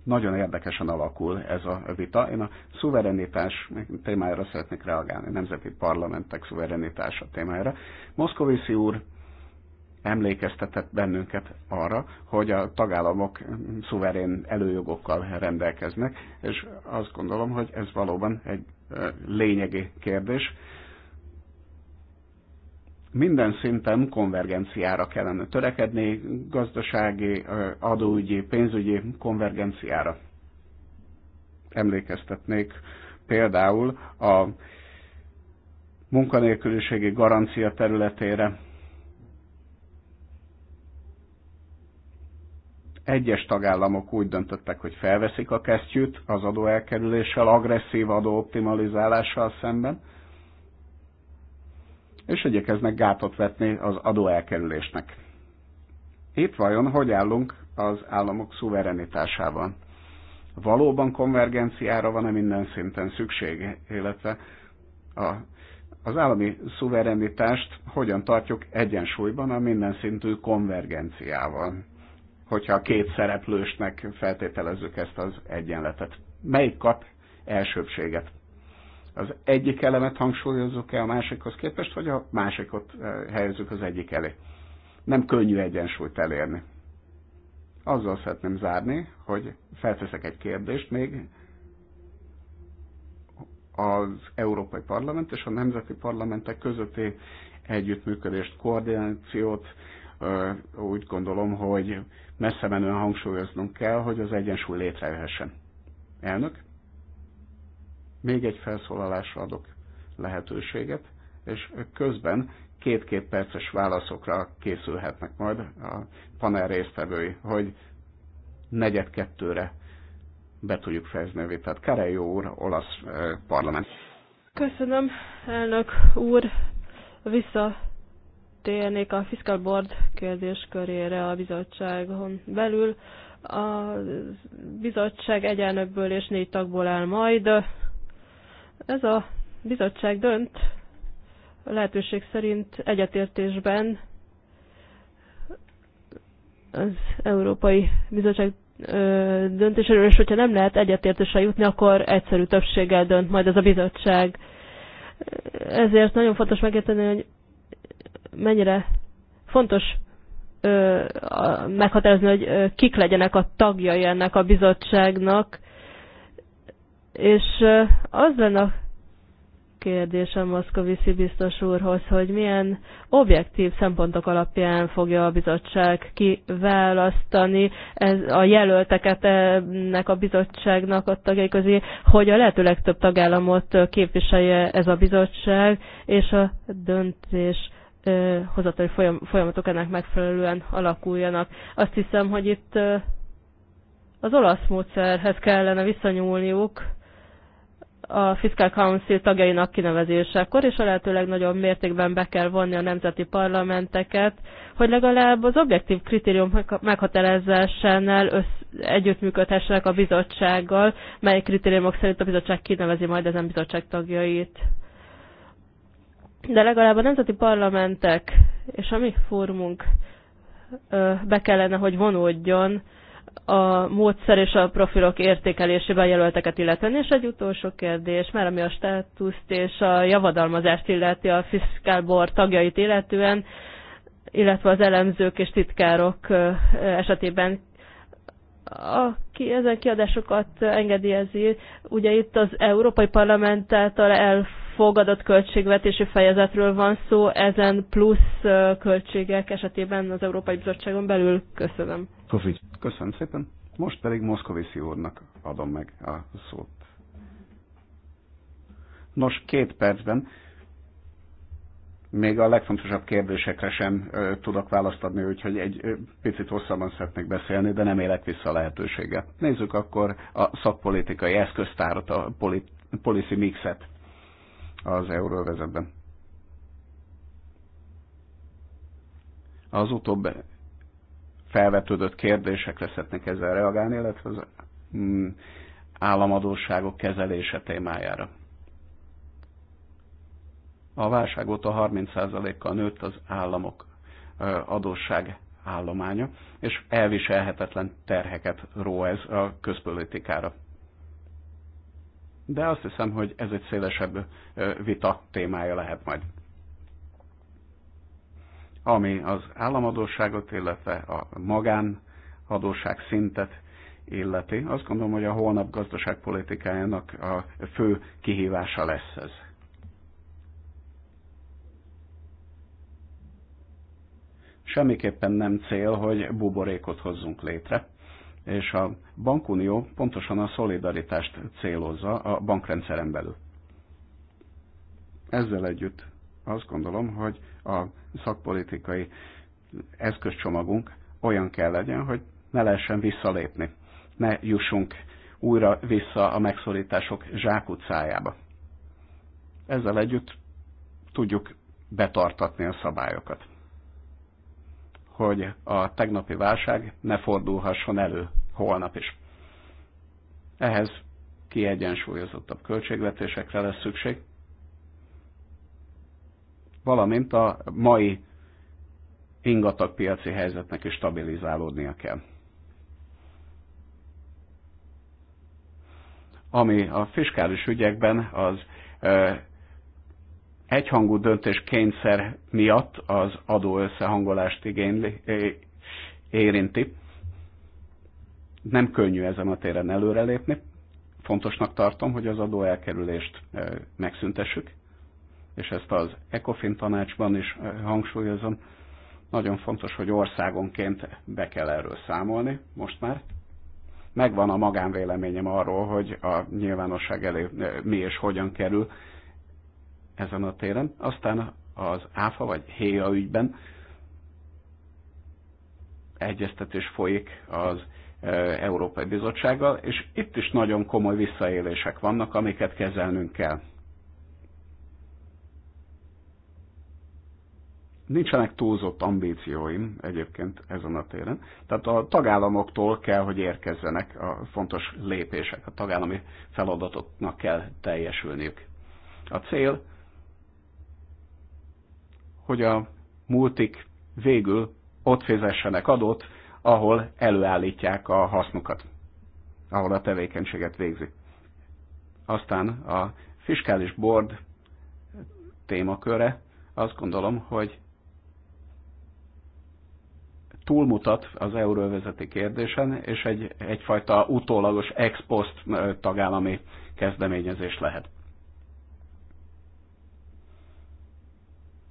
Nagyon érdekesen alakul ez a vita. Én a szuverenitás témájára szeretnék reagálni, nemzeti parlamentek szuverenitása témájára. Moszkovici úr emlékeztetett bennünket arra, hogy a tagállamok szuverén előjogokkal rendelkeznek, és azt gondolom, hogy ez valóban egy lényegi kérdés, minden szinten konvergenciára kellene törekedni, gazdasági, adóügyi, pénzügyi konvergenciára. Emlékeztetnék például a munkanélküliségi garancia területére. Egyes tagállamok úgy döntöttek, hogy felveszik a kesztyűt az adóelkerüléssel, agresszív adóoptimalizálással szemben, és igyekeznek gátot vetni az adóelkerülésnek. Itt vajon hogy állunk az államok szuverenitásában? Valóban konvergenciára van-e minden szinten szükség, illetve a, az állami szuverenitást hogyan tartjuk egyensúlyban a minden szintű konvergenciával, hogyha a két szereplősnek feltételezzük ezt az egyenletet. Melyik kap elsőbséget? az egyik elemet hangsúlyozzuk el a másikhoz képest, vagy a másikot eh, helyezzük az egyik elé. Nem könnyű egyensúlyt elérni. Azzal szeretném zárni, hogy felteszek egy kérdést még az Európai Parlament és a Nemzeti Parlamentek közötti együttműködést, koordinációt, eh, úgy gondolom, hogy messze menően hangsúlyoznunk kell, hogy az egyensúly létrejöhessen. Elnök? Még egy felszólalásra adok lehetőséget, és közben két-két perces válaszokra készülhetnek majd a panel résztvevői, hogy negyed kettőre be tudjuk fejezni a vitát. Kerejó úr, olasz eh, parlament. Köszönöm, elnök úr. Visszatérnék a Fiscal Board kérdéskörére a bizottságon belül. A bizottság egyenlőkből és négy tagból áll majd. Ez a bizottság dönt lehetőség szerint egyetértésben az Európai Bizottság döntéséről, és hogyha nem lehet egyetértésre jutni, akkor egyszerű többséggel dönt majd ez a bizottság. Ezért nagyon fontos megérteni, hogy mennyire fontos meghatározni, hogy kik legyenek a tagjai ennek a bizottságnak, és az lenne a kérdésem Moszkoviszi biztos úrhoz, hogy milyen objektív szempontok alapján fogja a bizottság kiválasztani ez, a jelölteket ennek a bizottságnak a tagjai közé, hogy a lehető legtöbb tagállamot képviselje ez a bizottság, és a döntés hozatali folyamatok ennek megfelelően alakuljanak. Azt hiszem, hogy itt az olasz módszerhez kellene visszanyúlniuk, a Fiscal Council tagjainak kinevezésekor, és a lehető legnagyobb mértékben be kell vonni a nemzeti parlamenteket, hogy legalább az objektív kritérium meghatározásánál együttműködhessenek a bizottsággal, mely kritériumok szerint a bizottság kinevezi majd ezen bizottság tagjait. De legalább a nemzeti parlamentek és a mi fórumunk be kellene, hogy vonódjon a módszer és a profilok értékelésében jelölteket illetően. És egy utolsó kérdés, mert ami a státuszt és a javadalmazást illeti a fiskálbor tagjait illetően, illetve az elemzők és titkárok esetében aki ezen kiadásokat engedélyezi, ugye itt az Európai Parlament által elf. Fogadott költségvetési fejezetről van szó, ezen plusz költségek esetében az Európai Bizottságon belül. Köszönöm. Kofi. Köszönöm szépen. Most pedig Moszkoviszi úrnak adom meg a szót. Nos, két percben még a legfontosabb kérdésekre sem ö, tudok választ adni, úgyhogy egy ö, picit hosszabban szeretnék beszélni, de nem élek vissza a lehetőséget. Nézzük akkor a szakpolitikai eszköztárat, a polit, policy mixet az euróvezetben. Az utóbb felvetődött kérdések leszetnek ezzel reagálni, illetve az mm, államadóságok kezelése témájára. A válság óta 30%-kal nőtt az államok adósság állománya, és elviselhetetlen terheket ró ez a közpolitikára de azt hiszem, hogy ez egy szélesebb vita témája lehet majd. Ami az államadóságot, illetve a magánadóság szintet illeti, azt gondolom, hogy a holnap gazdaságpolitikájának a fő kihívása lesz ez. Semmiképpen nem cél, hogy buborékot hozzunk létre és a bankunió pontosan a szolidaritást célozza a bankrendszeren belül. Ezzel együtt azt gondolom, hogy a szakpolitikai eszközcsomagunk olyan kell legyen, hogy ne lehessen visszalépni, ne jussunk újra vissza a megszorítások zsákutcájába. Ezzel együtt tudjuk betartatni a szabályokat hogy a tegnapi válság ne fordulhasson elő holnap is. Ehhez kiegyensúlyozottabb költségvetésekre lesz szükség, valamint a mai ingatag piaci helyzetnek is stabilizálódnia kell. Ami a fiskális ügyekben az egyhangú döntés kényszer miatt az adó összehangolást igényli, érinti. Nem könnyű ezen a téren előrelépni. Fontosnak tartom, hogy az adó elkerülést megszüntessük, és ezt az ECOFIN tanácsban is hangsúlyozom. Nagyon fontos, hogy országonként be kell erről számolni most már. Megvan a magánvéleményem arról, hogy a nyilvánosság elé mi és hogyan kerül ezen a téren. Aztán az ÁFA vagy HÉA ügyben egyeztetés folyik az e, Európai Bizottsággal, és itt is nagyon komoly visszaélések vannak, amiket kezelnünk kell. Nincsenek túlzott ambícióim egyébként ezen a téren. Tehát a tagállamoktól kell, hogy érkezzenek a fontos lépések, a tagállami feladatoknak kell teljesülniük. A cél hogy a multik végül ott fizessenek adót, ahol előállítják a hasznukat, ahol a tevékenységet végzik. Aztán a fiskális board témaköre azt gondolom, hogy túlmutat az euróvezeti kérdésen, és egy, egyfajta utólagos ex post tagállami kezdeményezés lehet.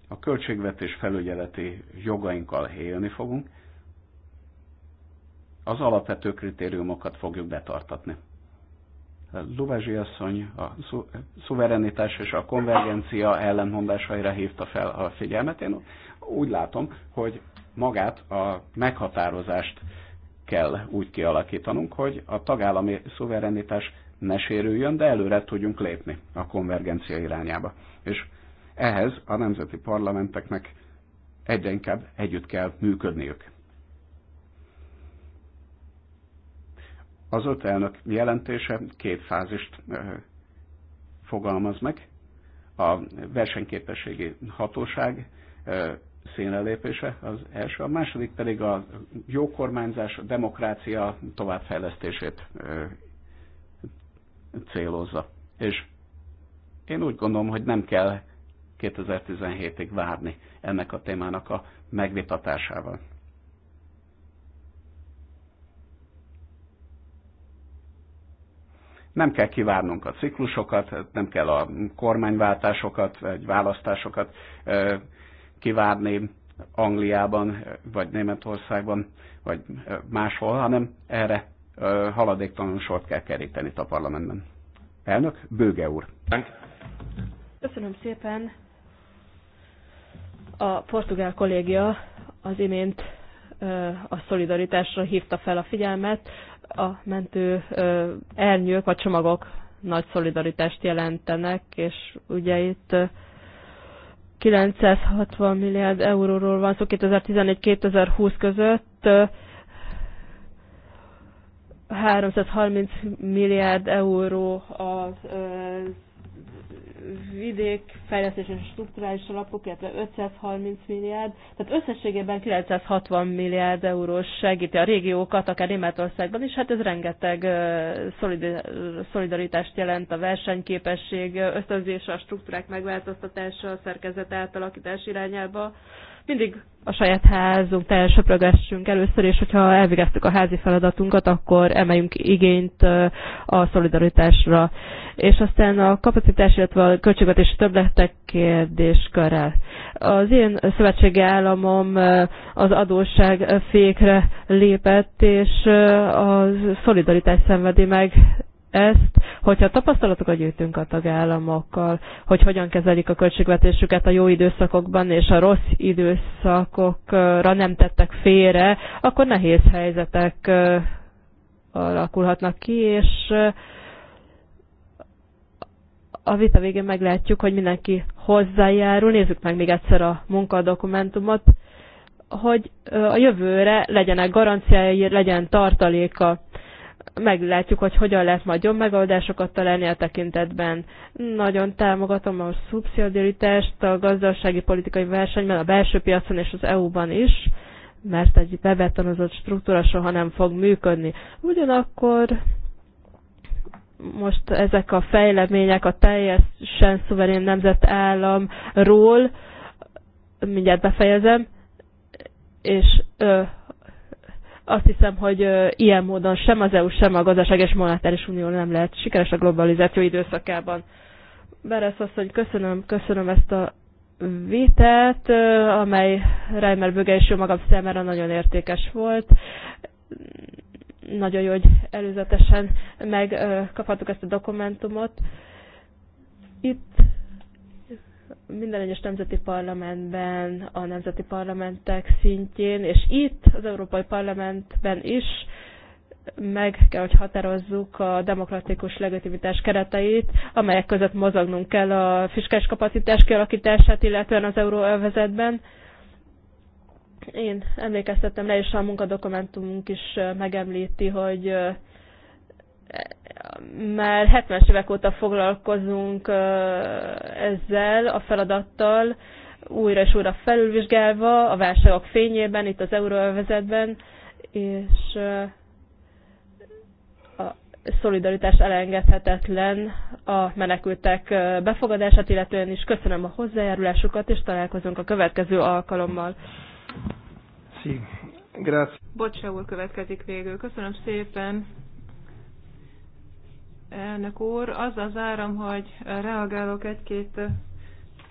a költségvetés felügyeleti jogainkkal élni fogunk, az alapvető kritériumokat fogjuk betartatni. Luvázsi asszony a szuverenitás és a konvergencia ellentmondásaira hívta fel a figyelmet. Én úgy látom, hogy magát a meghatározást kell úgy kialakítanunk, hogy a tagállami szuverenitás ne sérüljön, de előre tudjunk lépni a konvergencia irányába. És ehhez a nemzeti parlamenteknek egyre inkább együtt kell működniük. Az öt elnök jelentése két fázist fogalmaz meg. A versenyképességi hatóság színrelépése az első, a második pedig a jó kormányzás, a demokrácia továbbfejlesztését célozza. És én úgy gondolom, hogy nem kell 2017-ig várni ennek a témának a megvitatásával. Nem kell kivárnunk a ciklusokat, nem kell a kormányváltásokat, vagy választásokat kivárni Angliában, vagy Németországban, vagy máshol, hanem erre haladéktalanul sort kell keríteni itt a parlamentben. Elnök, Bőge úr. Köszönöm szépen. A portugál kollégia az imént a szolidaritásra hívta fel a figyelmet, a mentő ernyők, a csomagok nagy szolidaritást jelentenek, és ugye itt 960 milliárd euróról van szó 2014-2020 között, 330 milliárd euró az vidék fejlesztés és strukturális alapok, illetve 530 milliárd, tehát összességében 960 milliárd eurós segíti a régiókat, akár Németországban is, hát ez rengeteg szolidaritást jelent a versenyképesség ösztönzése, a struktúrák megváltoztatása, a szerkezet átalakítás irányába mindig a saját házunk teljes söprögessünk először, és hogyha elvégeztük a házi feladatunkat, akkor emeljünk igényt a szolidaritásra. És aztán a kapacitás, illetve a költségvetési többletek kérdéskörrel. Az én szövetségi államom az adósság fékre lépett, és a szolidaritás szenvedi meg ezt, hogyha tapasztalatokat gyűjtünk a tagállamokkal, hogy hogyan kezelik a költségvetésüket a jó időszakokban, és a rossz időszakokra nem tettek félre, akkor nehéz helyzetek alakulhatnak ki, és a vita végén meglátjuk, hogy mindenki hozzájárul. Nézzük meg még egyszer a munkadokumentumot, hogy a jövőre legyenek garanciái, legyen tartaléka meglátjuk, hogy hogyan lehet majd jobb megoldásokat találni a tekintetben. Nagyon támogatom a szubszidiaritást a gazdasági politikai versenyben, a belső piacon és az EU-ban is, mert egy bebetonozott struktúra soha nem fog működni. Ugyanakkor most ezek a fejlemények a teljesen szuverén nemzetállamról, mindjárt befejezem, és ö, azt hiszem, hogy ilyen módon sem az EU, sem a gazdaság és monetáris unió nem lehet sikeres a globalizáció időszakában. Beresz hogy köszönöm, köszönöm ezt a vitát, amely Reimer Böge és magam számára nagyon értékes volt. Nagyon jó, hogy előzetesen megkaphattuk ezt a dokumentumot. Itt minden egyes nemzeti parlamentben, a nemzeti parlamentek szintjén, és itt az Európai Parlamentben is meg kell, hogy határozzuk a demokratikus legitimitás kereteit, amelyek között mozognunk kell a fiskális kapacitás kialakítását, illetően az euróövezetben. Én emlékeztettem le, és a munkadokumentumunk is megemlíti, hogy már 70-es évek óta foglalkozunk ezzel a feladattal, újra és újra felülvizsgálva a válságok fényében, itt az euróvezetben, és a szolidaritás elengedhetetlen a menekültek befogadását, illetően is köszönöm a hozzájárulásukat, és találkozunk a következő alkalommal. Sí. Grazie. Bocsa következik végül. Köszönöm szépen elnök úr. Azzal zárom, hogy reagálok egy-két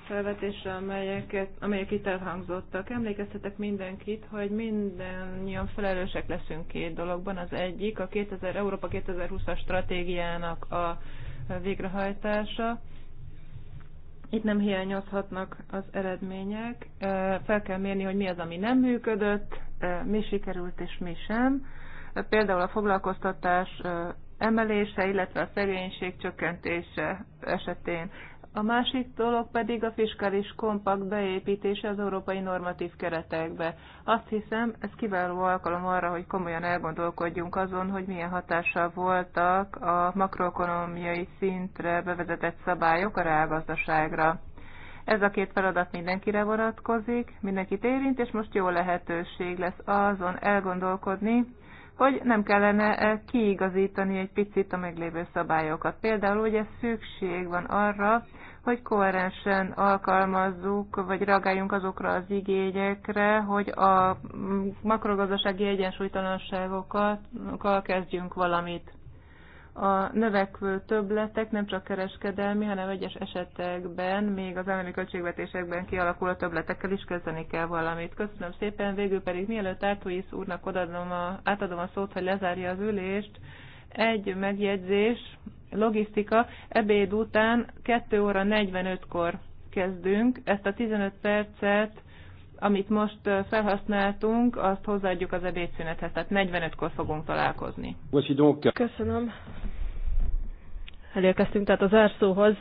felvetésre, amelyeket, amelyek itt elhangzottak. Emlékeztetek mindenkit, hogy mindannyian felelősek leszünk két dologban. Az egyik a 2000, Európa 2020-as stratégiának a végrehajtása. Itt nem hiányozhatnak az eredmények. Fel kell mérni, hogy mi az, ami nem működött, mi sikerült és mi sem. Például a foglalkoztatás emelése, illetve a szegénység csökkentése esetén. A másik dolog pedig a fiskális kompakt beépítése az európai normatív keretekbe. Azt hiszem, ez kiváló alkalom arra, hogy komolyan elgondolkodjunk azon, hogy milyen hatással voltak a makroekonomiai szintre bevezetett szabályok a reálgazdaságra. Ez a két feladat mindenkire vonatkozik, mindenkit érint, és most jó lehetőség lesz azon elgondolkodni, hogy nem kellene eh, kiigazítani egy picit a meglévő szabályokat. Például ugye szükség van arra, hogy koherensen alkalmazzuk, vagy reagáljunk azokra az igényekre, hogy a mm, makrogazdasági egyensúlytalanságokkal kezdjünk valamit a növekvő többletek nem csak kereskedelmi, hanem egyes esetekben, még az állami költségvetésekben kialakuló többletekkel is kezdeni kell valamit. Köszönöm szépen, végül pedig mielőtt Ártóisz úrnak odadom a, átadom a szót, hogy lezárja az ülést, egy megjegyzés, logisztika, ebéd után 2 óra 45-kor kezdünk, ezt a 15 percet amit most felhasználtunk, azt hozzáadjuk az ebédszünethez, tehát 45-kor fogunk találkozni. Köszönöm. Elérkeztünk tehát az árszóhoz,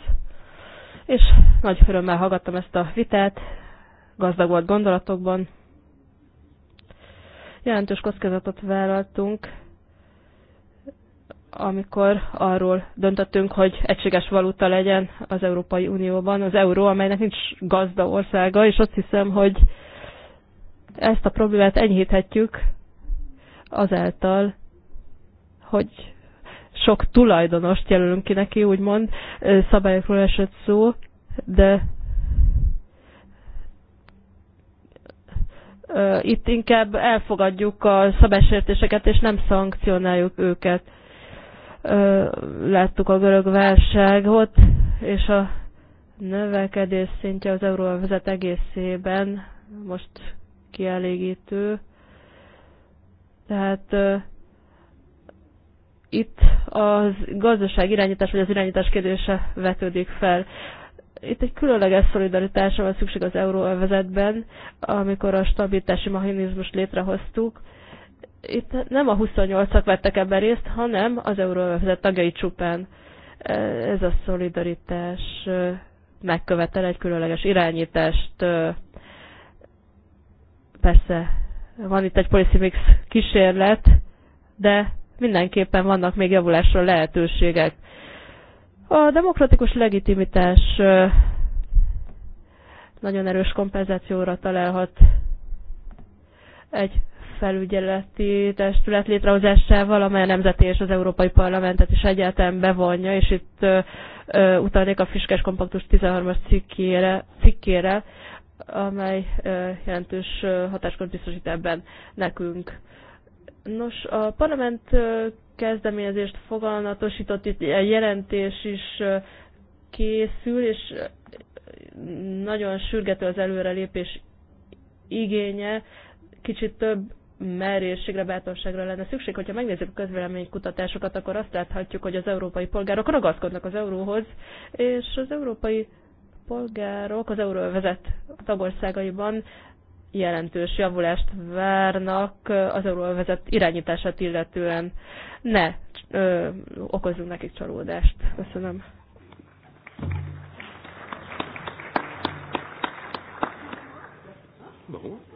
és nagy örömmel hallgattam ezt a vitát, gazdag volt gondolatokban. Jelentős kockázatot vállaltunk, amikor arról döntöttünk, hogy egységes valuta legyen az Európai Unióban, az euró, amelynek nincs gazda országa, és azt hiszem, hogy ezt a problémát enyhíthetjük azáltal, hogy sok tulajdonost jelölünk ki neki, úgymond szabályokról esett szó, de itt inkább elfogadjuk a szabálysértéseket, és nem szankcionáljuk őket. Láttuk a görög válságot, és a növekedés szintje az euróvezet egészében most kielégítő. Tehát itt az gazdaság irányítás vagy az irányítás kérdése vetődik fel. Itt egy különleges szolidaritásra van szükség az euróövezetben, amikor a stabilitási mechanizmus létrehoztuk. Itt nem a 28-ak vettek ebben részt, hanem az euróövezet tagjai csupán. Ez a szolidaritás megkövetel egy különleges irányítást Persze van itt egy policy mix kísérlet, de mindenképpen vannak még javulásra lehetőségek. A demokratikus legitimitás nagyon erős kompenzációra találhat egy felügyeleti testület létrehozásával, amely a Nemzeti és az Európai Parlamentet is egyáltalán bevonja, és itt utalnék a Fiskes Kompaktus 13-as cikkére, cikkére, amely jelentős hatáskört biztosít ebben nekünk. Nos, a parlament kezdeményezést fogalmatosított, itt egy jelentés is készül, és nagyon sürgető az előrelépés igénye, kicsit több merészségre, bátorságra lenne szükség. Hogyha megnézzük a közvéleménykutatásokat, akkor azt láthatjuk, hogy az európai polgárok ragaszkodnak az euróhoz, és az európai polgárok az euróvezet tagországaiban jelentős javulást várnak az euróvezet irányítását illetően. Ne ö, okozzunk nekik csalódást. Köszönöm. Bon.